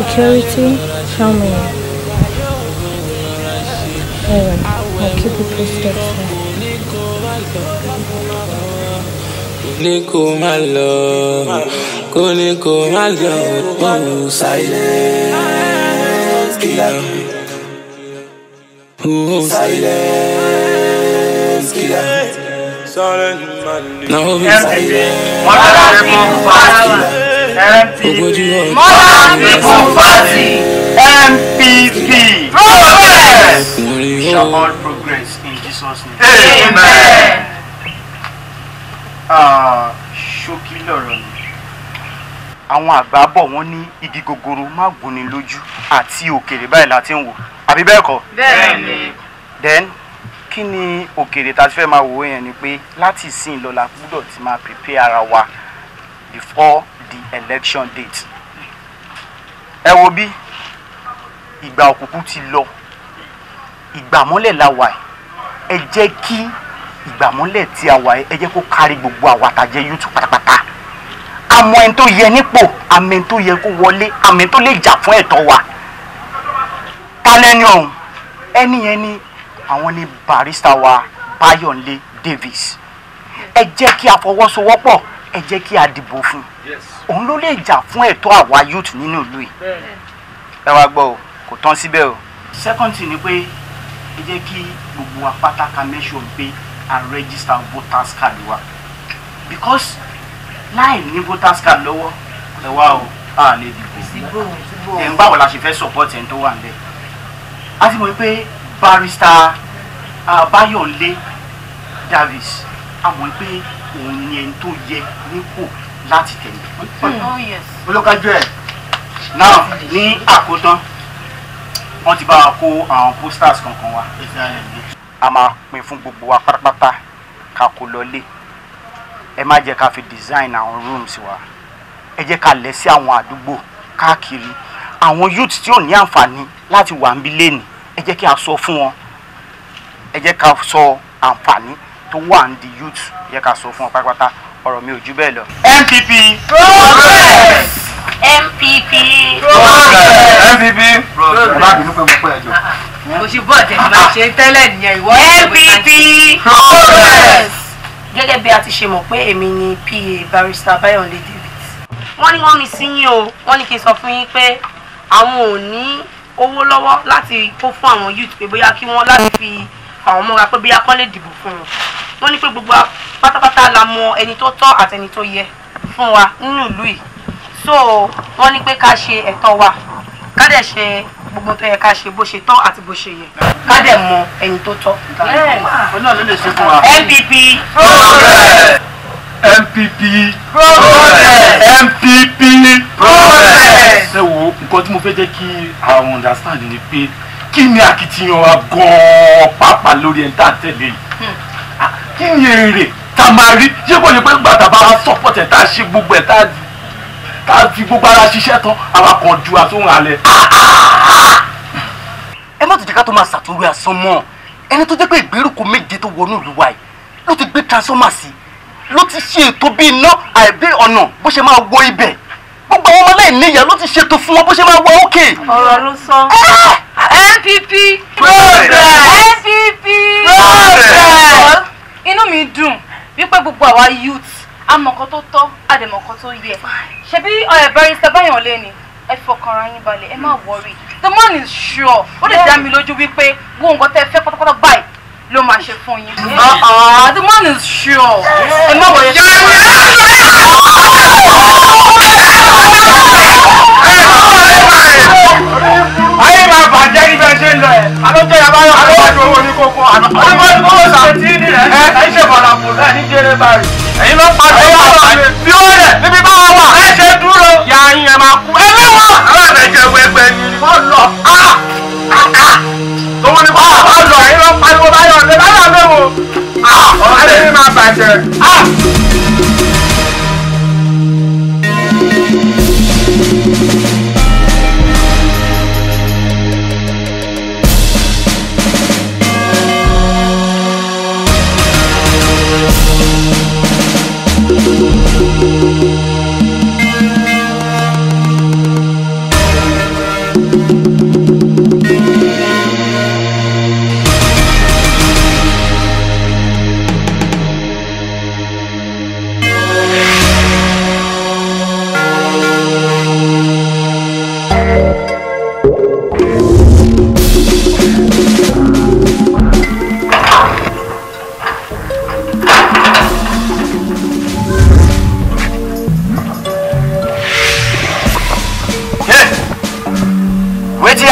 security, family. Anyway, I'll keep you posted. Nico, my love. Go, Nico, my love. Oh, silence, killer. Oh, silence, killer. Silence, man. No, silence. MPP Modern People Party MPP Progress We shall all progress in Jesus' name. Amen. Ah, ṣókí lọ̀rọ̀ ni. Àwọn àgbà bọ̀ wọ́n ní igi gogoro má gúnni lójú àti òkèrè báyìí láti ń wò. Àbí bẹ́ẹ̀ kọ́? Bẹ́ẹ̀ni. Then kí ni òkèrè tá a fẹ́ máa wò yẹn ni pé láti ìsìn lọ́la gbúdọ̀ ti máa prepare ara wa before the election date ẹ wo bí ìgbà òkùnkùn ti lọ ìgbàmọ́lẹ̀ la wà ẹ jẹ́ kí ìgbàmọ́lẹ̀ tí a wà ẹ jẹ́ kó kárí gbogbo àwa tá jẹ́ youth pátápátá àmọ́ ẹni tó yẹ nípò àmọ́ ẹni tó yẹ kó wọlé àmọ́ ẹni tó lè jà fún ẹ̀tọ́ wa ta lẹ́ni ọ̀hún ẹni yẹn ni àwọn ni barista wa Bayọ̀nlé Davis ẹ jẹ́ kí a fọwọ́sowọ́pọ̀ ẹ jẹ́ kí a dìbò fún òun ló lè jà fún ẹ̀tọ́ àwa youth nínú ìlú yìí ẹ wá gbọ́ o kò tán síbẹ̀ o. second ni pé ẹ jẹ́ kí gbogbo wa pátákà mẹ́sàn-án pé a register voters card wa because láì ní voters card lọ́wọ́ ẹ wá o a lè dìbò ẹ̀ ń báwo la ṣe fẹ́ support ẹ̀ tó wà nílẹ̀ a ti mọ̀ pé barrister uh, Bayọ̀lé Davis a mọ̀ pé òun ni ẹni tó yẹ nípò láti tẹ̀lé. Hmm. Oh, olókájú ẹ̀ náà ní àkótán wọ́n ti bá wa kó àwọn posters kankan wa a máa pín fún gbogbo wa pátápátá ká kó lọlé ẹ má jẹ́ ká fi design àwọn rooms wa ẹ jẹ́ ká lẹ̀ sí àwọn àdúgbò káàkiri àwọn youth tí ò ní àǹfààní láti wà ń bí lẹ́nu ẹ jẹ́ kí a sọ fún wọn ẹ jẹ́ ká sọ àǹfààní tó wà ní the youth yẹ ká sọ fún ọ pátápátá ọ̀rọ̀ mi ò jù bẹ́ẹ̀ lọ. npp. progress. npp. progress. npp. progress. npp. progress. gẹ́gẹ́ bí a ti ṣe mọ̀ pé èmi ni pa barrister Bayọ̀dé David. wọ́n ní wọ́n mi sí yín o wọ́n ní kí n sọ fún yín pé àwọn ò ní owó lọ́wọ́ láti kó fún àwọn youth pé bóyá kí wọ́n láti fi àwọn ọmọ pé bóyá kọ́ dìbò fún un wọ́n ní pé gbogbo pátápátá la mọ ẹni tó tọ́ àti ẹni tó yẹ fún wa nínú ìlú yìí so wọ́n ní pé ká ṣe ẹ̀tọ́ wa ká dẹ̀ ṣe gbogbo tó yẹ ká ṣe bó ṣe tọ́ àti bó ṣe yẹ ká dẹ̀ mọ ẹni tó tọ́. NPP progress NPP progress NPP progress. ṣé wo nǹkan tí mo fẹ́ jẹ́ kí àwọn understand ni pé kí ni akitiyan wa gan-an pàápàá lórí ẹni tá à tẹ̀lé yìí hmm. kí ni èrè tá a máa rí ṣé kò ní pé gbà tá a bá wa support ẹ̀ tá a ṣe gbogbo ẹ̀ tá a fi gbogbo ara ṣiṣẹ́ tán àwa kan ju asóhun alẹ́. ẹ má tó ká tó máa ṣàtúnwé asán mọ́ ẹni tó jẹ́ pé ìgbèríko méje tó wọnú ìlú yìí ló ti gbé transformer sí ló ti ṣe ètò bí iná àìbí ọ̀nà bó ṣe máa wọ ibẹ̀ gbogbo àwọn ọmọ láì níyà ló ti ṣètò fún wọn bó ṣe máa wọ òkè. ọ̀rọ̀ ló sọ npp progress npp progress inú mi dùn wípé gbogbo àwa youths. amọ̀kan tó tọ́ àdèmọ̀kan tó yẹ ṣebí ọ̀rẹ́ barrister báyọ̀ lé ni ẹ fọkànra yín balẹ̀ ẹ má wọrí the man is sure ó lè dá mi lójú wípé gbogbo nǹkan tẹ́ fẹ́ pátápátá báyìí ló máa ṣe fún yín. the man is sure ẹ má wọrí. Thank you ayé máa bàjẹ́ níbẹ̀ ṣe ń lọ ẹ̀ alójó yà bá yọ alójú owó ní kókó àbọ̀ owó sàtí ní rẹ̀ ẹ̀ ṣe bọ̀dà kù rẹ̀ ní jẹrẹ báyìí. ẹ̀yin ló pa tó wà wà bí ó rẹ̀ níbi bá wà wà ẹ̀ ṣe dúró yà yín ẹ̀ máa kú ẹ̀ lọ́wọ́. alábẹ̀jẹ̀ wẹgbẹ̀ ni wọ́n lọ ah! Ah! Ah! tòun ni bọ́lá lọ ẹ̀yin ló pariwo báyọ̀ lẹ́yìn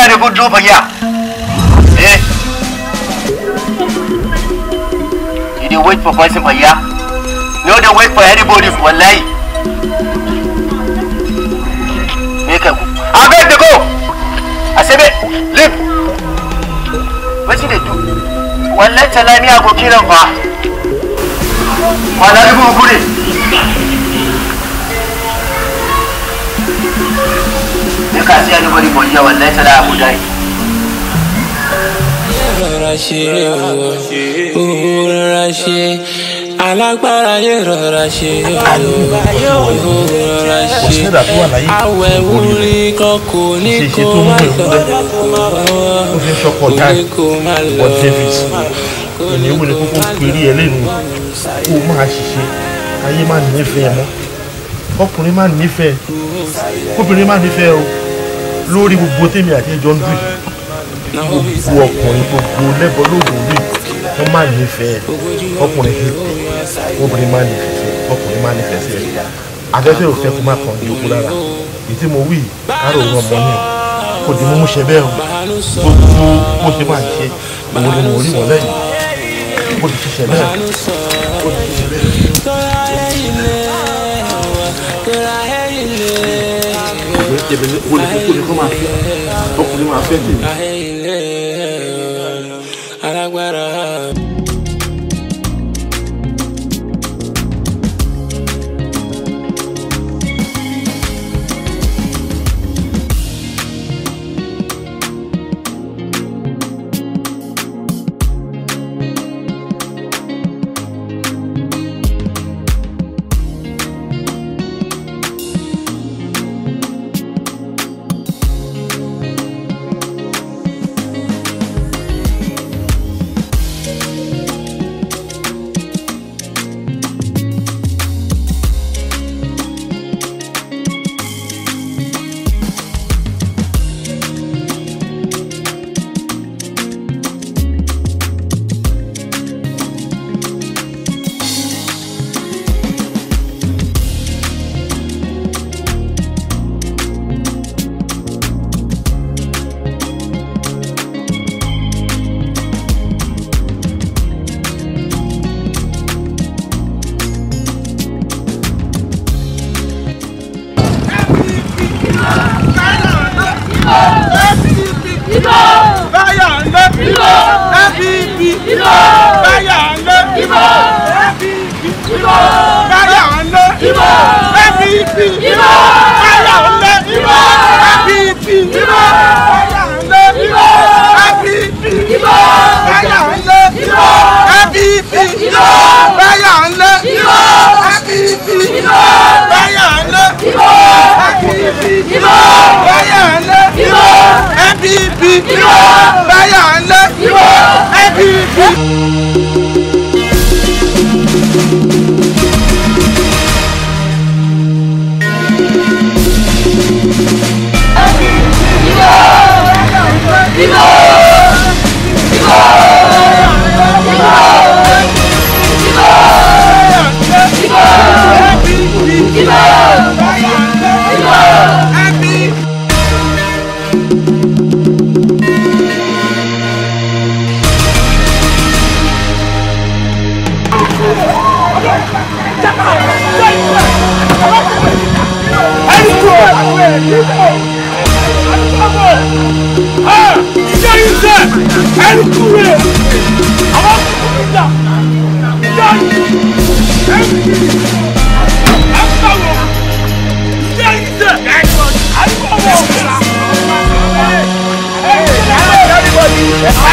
ne kun tofa ya eh you dey wait for person for ya no dey wait for anybody wallahi make ah, i go abeg dey go asebe leave what you dey do wallahi tala ni ago kiran ah. fa wallahi dubu kure kasiya ni bari bojiya wallahi tala abu eh. dai rọra ṣe o rọra ṣe alágbára yóò rọra ṣe o rọra ṣe awẹ wúri kan kò ní kó má lọ kò ní kó má lọ èmi wúre kókó péré ayé má nífẹ̀ẹ́ mọ́ ọkùnrin má nífẹ̀ẹ́ obìnrin má nífẹ̀ẹ́ o lórí gbogbo tèmi àti ẹjọ́ ń dùn gbogbo ọkùnrin gbogbo lẹ́bọ̀ lóògùn rí wọ́n máa nífẹ̀ẹ́ ọkùnrin fi tẹ̀ obìnrin máa nífẹ̀ẹ́ ọkùnrin máa nífẹ̀ẹ́ sí ẹ̀ afẹ́fẹ́ ò fẹ́ kó má kàn ní okú lára ètí mo wí kárò òun ọmọ náà kò dé mú ṣe bẹ́ẹ̀ o gbogbo bó ṣe máa ṣe òun ni mo rí wọn lẹ́yìn bó ti ṣiṣẹ́ bẹ́ẹ̀ bó ti ṣiṣẹ́ bẹ́ẹ̀. Ou li pou kou li kouman sepil Ou kou li kouman sepil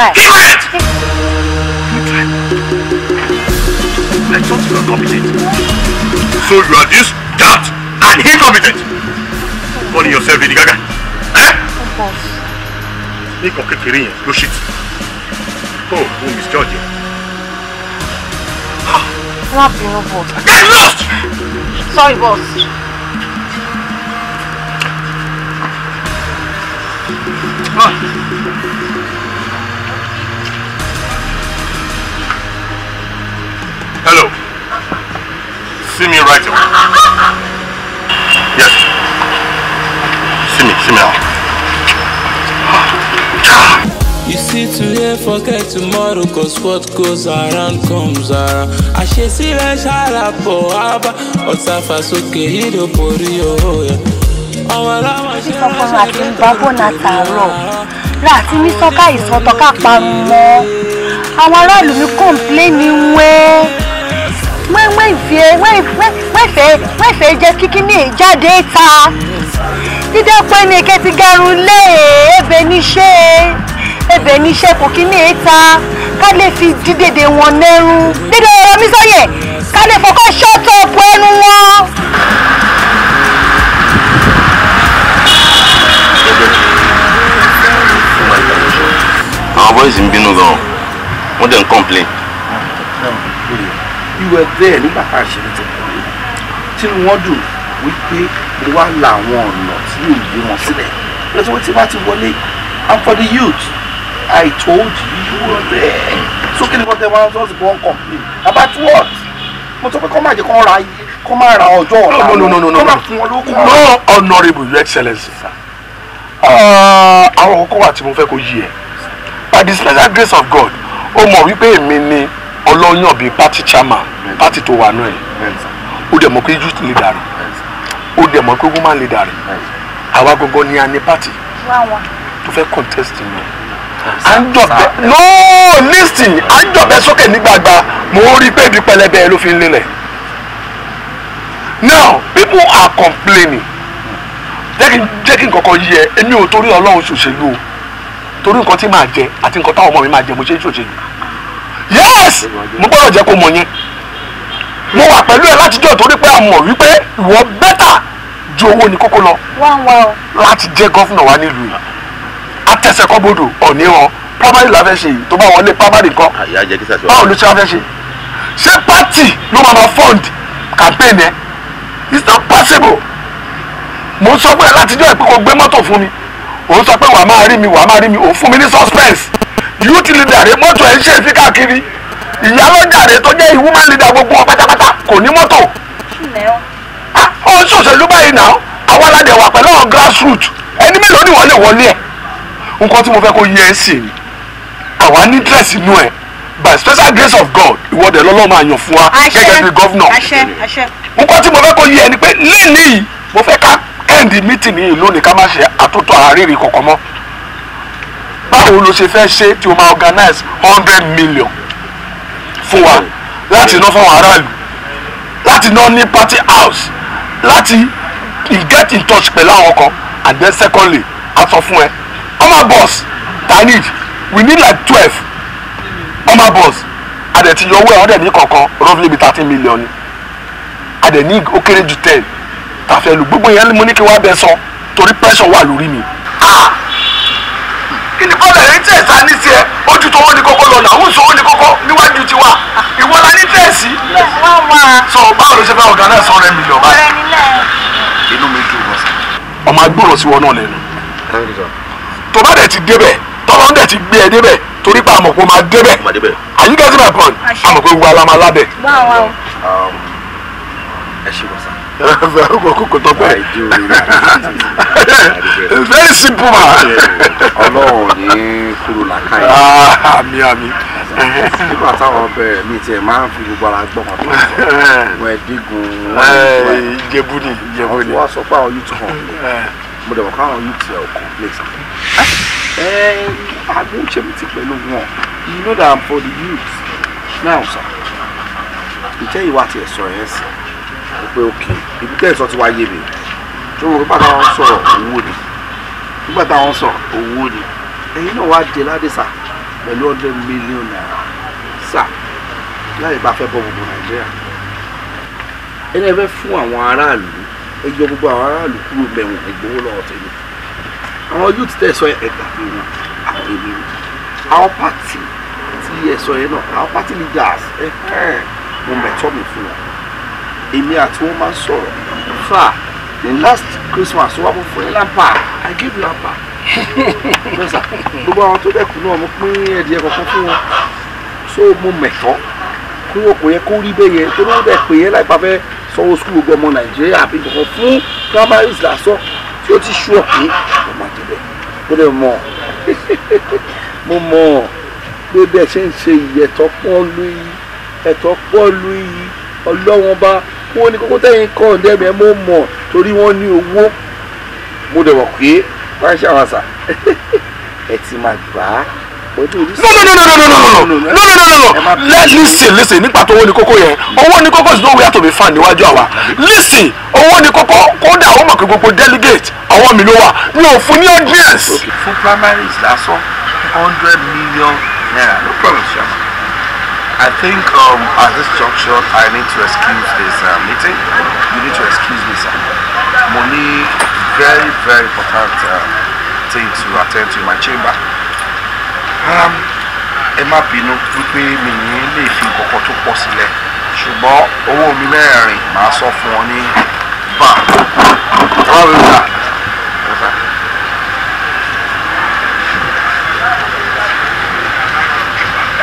try. it! quiet! I thought you were competent. So you are this, that, and he incompetent. Calling yourself Lady Gaga. Eh? Oh, boss. Ní kọ̀kẹ́ kiri yẹn ló ṣì tù. Tó o kú misjudge yẹn. boss. Get lost! Sorry, boss. see me right away. Yes. See me, see me now. You see today, forget tomorrow, cause what goes around comes around. I ṣára pọ̀ ábá, ọ̀tá fàsókè ìdò borí owó oh, yẹn. Ọmọ ọlọ́mọ ṣe ránṣẹ́ àti ìbábọ̀ náà tààrọ̀. Láti ní sọ́ká ìsọ̀tọ̀ parun mọ́. Àwọn aráàlú mi kọ̀ǹpléènì wẹ́ẹ́ wọ́n fẹ́ jẹ́ kíkí ní ìjáde ta dídẹ́pọ̀ ní ike ti gẹrun lé ebè níṣẹ́ ebè níṣẹ́ kò kí ní ìta ká lè fi dídèdè wọn nẹ́rù dídè ọ̀rọ̀ mi sọ́yẹ̀ ká lè fọkọ́ ṣọ́tọ̀ọ̀pù ẹnu wọn. àwọn boys ń bínú gan-an wọ́n dẹ̀ ń complain you were there nígbà tá a ṣe ní tẹ̀lé tí wọ́n dùn wípé mo wá la àwọn ọ̀nà tí yóò gbé wọn sílẹ̀ lọ́sọ̀wọ́ tí wọ́n ti wọlé and for the youth I told you you were there so kí ni wọ́n tẹ wọ́n sọ́ọ̀sì kí wọ́n complain about what mo sọ pé kọ́ máa jẹ́ kọ́ ra iye kọ́ máa ra ọjọ́ ọ̀la wọn kọ́ máa fún wọn lókun. no honourable your excellency ah, àwọn kókó wà tí mo fẹ́ kó yí ẹ by the special grace of God ó mọ̀ wípé èmi ni ọlọ́yàn bíi party chairman pati tó wà náà ẹ̀ ó dẹ̀ mọ̀ pé youth leader rẹ̀ ó dẹ̀ mọ̀ pé woman leader rẹ̀ àwa gọ́gọ́ ni a ní pati tó fẹ́ contest mi à ń jọ̀bẹ no listen à ń jọ̀bẹ sókè ní gbàgbà mo rí i pé ibi pẹlẹbẹ ló fi ń lélẹ̀ now people are complaining jẹ́ kí nǹkan kan yí ẹ èmi ò torí ọlọ́run ṣòṣèlú o torí nǹkan tí màá jẹ àti nǹkan táwọn ọmọ mi máa jẹ mo ṣe ń ṣòṣèlú yes mo gbọ́dọ̀ jẹ́ kó mọ yẹn mo wà pẹ̀lú ẹ látijọ́ torí pé a mọ̀ wípé ìwọ bẹ́tà ju owó ni kókó lọ láti jẹ́ gọ́fúnà wa nílùú yìí atẹsẹ̀kọ́bodò ọ̀ní hàn primary la fẹ́ ṣe yìí tó bá wọlé primary kan báwo ló ṣe wá fẹ́ ṣe ṣé pátì ló máa ma fund campaign yẹn it's not possible mo sọ pé látijọ́ ẹ̀ pé kò gbé mọ́tò fún mi òun sọ pé wàá máa rí mi wàá máa rí mi òun fún mi ní suspense youth leader rẹ mọ́tò ẹ̀ ń ṣe é sí káàkiri ìyálọ́jàre tó jẹ́ woman leader gbogbo wọn pátápátá kò ní mọ́tò. Ah, ó ń ṣòṣèlú báyìí náà àwa aládẹ wà pẹ̀lú àwọn grassroot ẹni mélòó ni wọ́n lè wọlé ẹ̀. nǹkan tí mo fẹ́ kó yẹ ẹ́ sí ni àwa ní dírẹ́sì inú ẹ̀ by special grace of God ìwọ́dẹ̀ lọ́lọ́ máa yàn fún wa gẹ́gẹ́ bí gọ́vnà. nǹkan tí mo fẹ́ kó yẹ ẹ ni pé lẹ́ẹ̀ni yìí mo fẹ́ ká end meeting yìí lónìí ká má ṣe àtúntò àárín kọ̀ọ̀kan mọ́ báwo ló ṣe fẹ́ ṣe tí o máa organize hundred million fún wa láti ná fáwọn aráàlú láti ná ní party house láti get in touch pẹ̀lú àwọn kan and then secondly a sọ fún ẹ ọmọ bọ́s ta need we need like twelve ọmọ bọ́s adẹ̀ ti yọ owó ẹ̀ ọ́dẹ̀ ní kankan roughly bi thirteen million ni adẹ̀ ní ó kéré ju ten tàfẹ́ lu gbogbo yẹn mo ní kí wọ́n abẹ sọ torí pressure wà lórí mi. ah kí ni bọ́ọ̀lù ẹ̀rí tẹ̀sà ní tiẹ̀ ojú tó wọ́n ní kókó lọ náà òun sọ̀rọ̀ ní kókó níwájú tiwa ìwọ la ní tẹ̀sí. sọ báwo ló ṣe fẹ́ ọ̀gá náà sọ̀rọ̀ ẹ̀mí lọ́ba inú mi dùn wọ́n ọmọ agbóhùn sí wọn náà lẹ́nu. tó bá dẹ̀ ti débẹ̀ tọ́lọ́ dẹ̀ ti gbé ẹ débẹ̀ torí pé àmọ̀ máa débẹ̀ are you getting my point àmọ̀ pé um, ẹ ṣe wọ́n very simple ma. Ọlọ́run ní kúrò làkàyè. àmì àmì. nígbà táwọn ọbẹ̀ mi tiẹ̀ máa ń fi gbogbo ara gbọ́n kan tó wọ́n ẹ̀ dígun wọ́n ẹ̀ tó ẹ̀. ìjẹ̀bú ni ìjẹ̀bú ni. wọ́n sọ pé àwọn yóò tún hàn mí mo dẹ̀ wọ́n káwọn yóò tiẹ̀ ọkọ̀ place. ẹ ẹ àgbo ṣe mi ti pẹ̀lú wọn you know that I'm for the youth now sir. ìtẹ́yìí wa tiẹ̀ sọ̀rọ̀ yẹn sí i pé òkè ibi tẹ́ ìsọ ti wá yé mi tó wọn nígbà táwọn sọ̀rọ̀ owó ni nígbà táwọn sọ̀rọ̀ owó ni ẹ̀yin náà wá jẹ ládìsá pẹ̀lú ọdún mílíọ̀nù náírà sà láyé bá fẹ́ bọ́ gbogbo nàìjíríà ẹni ẹ fẹ́ fún àwọn aráàlú ẹ yọ gbogbo àwọn aráàlú kúrò mẹ́wọ̀n ìgbowó lọ́wọ́ tẹ̀lé àwọn yóò ti tẹ̀ sọ ẹ̀dà pé wọn àwọn èmi ni àwọn pàtì tí ẹ yẹn náà àwọn pàtì leaders ẹ̀ ẹ̀ mo mẹ̀tọ́ mi fún wọn èmi àti wọn máa ń sọ̀rọ̀ fà the last Christmas wọ́n mú fún yín lápá I give you lápá mẹ́sà gbogbo àwọn tó dẹ̀kú náà mo pín ẹ̀dìyẹ kankan fún wọn so mo mẹ̀tọ́ kí wọn kò yẹ kó rí bẹ́ẹ̀ yẹ tó ló dẹ̀ pè é láìpẹ́ fẹ́ sanwó sukúl gbogbo ọmọ Nàìjíríà àbí kankan fún primaries lásán tí ó ti ṣú ọ̀pẹ́ mo máa jẹ bẹ́ẹ̀ mo dẹ̀ mọ̀ mo mọ̀ pé bẹ́ẹ̀ ṣe ń ṣe ìyẹ̀tọ́ pọ́ọ́lù yìí ẹ̀tọ́ pọ́ọ́lù yìí ọlọ́wọ́n bá wọ́n ní kókó tẹ́yìn kọ́ ọ̀dẹ́mi ẹ mọ́ mọ̀ torí wọ́n ní owó mo dẹ̀ pé wọ́n ṣe àwọn àṣà ẹ ti máa gbà á. no no no no no no no no no no no listen listen nípa tó owó ní kókó yẹn owó ní kókó is no where to be found níwájú àwa listen owó ní kókó kódà àwọn ọmọ gbogbo delegate àwọn mi ló wà mi ò fún ní audience. fún primaries lásán hundred million naira no problem ṣe àmà. I think um, at this juncture, I need to excuse this uh, meeting. You need to excuse me, sir. Money, very, very important uh, thing to attend to in my chamber. Um, Emma má bínú wípé mi yìí lè fi kọ̀kọ́ tó pọ̀ sílẹ̀ ṣùgbọ́n owó mi mẹ́rin màá sọ fún ọ ní bá. Báwo ni bá?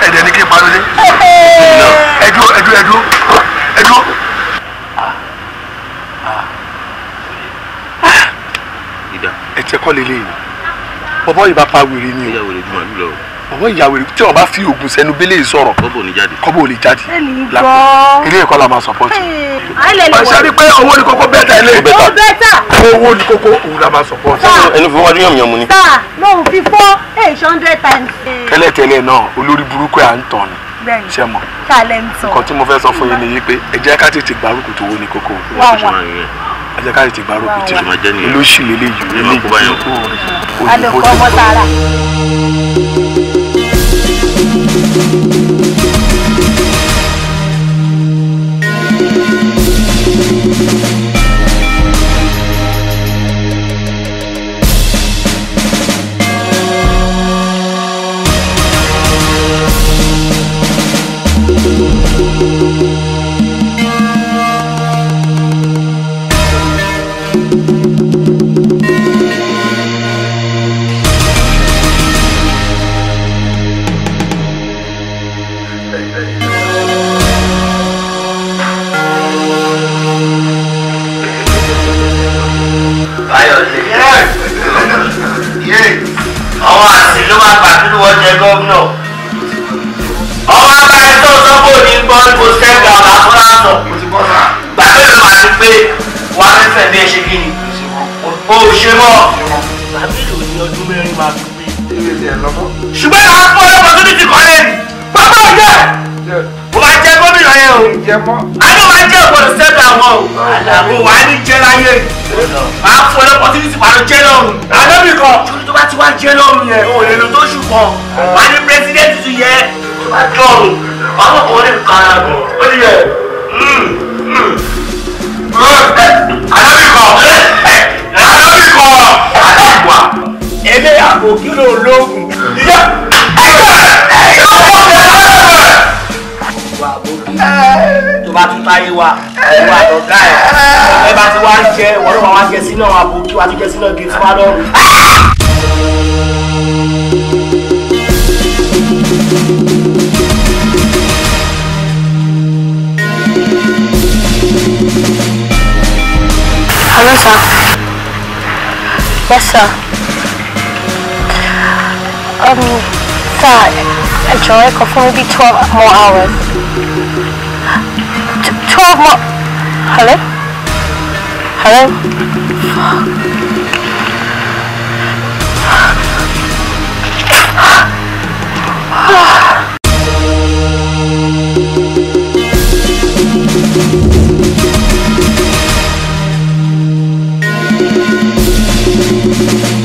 ẹ̀dẹ̀ ní kí n parí lé ẹdú ẹdú ẹdú ẹdú. ẹ̀jẹ̀ kọ́ lélẹ́yìn bọ́bọ́ yìí bá pa wèrè ni o àwọn ìyàwó tí ọba fi oògùn sẹnu bẹ́lẹ̀ sọ̀rọ̀ kọ́bọ̀ ní jáde jáde lápò eré ẹ̀kọ́ la máa sọ̀pọ̀tì. àṣà ni pé owó ni kókó bẹ́tà ilé bẹ́tà owó ni kókó òun la máa sọ̀pọ̀tì. ẹnu fún wájú yànmùyànmù ni. ta lóun fi fọ́ eight hundred times. tẹ́lẹ̀tẹ́lẹ̀ náà olórí burúkú à ń tàn ni ṣe mọ̀ nǹkan tí mo fẹ́ sọ fún yín ni yí pé ẹ jẹ́ ká tètè gbárùkù tó wó ni kókó ẹ jẹ́ ká tètè gbárùkù tó olóṣèlú eléyìí eléyìí kó òòrùn òyìnbó tó kó. We'll be right back. sir. Um, sir, ẹ jọ̀ọ́ ẹ kàn fún twelve more hours. T twelve more. Hello? Hello? Fuck. Thank you.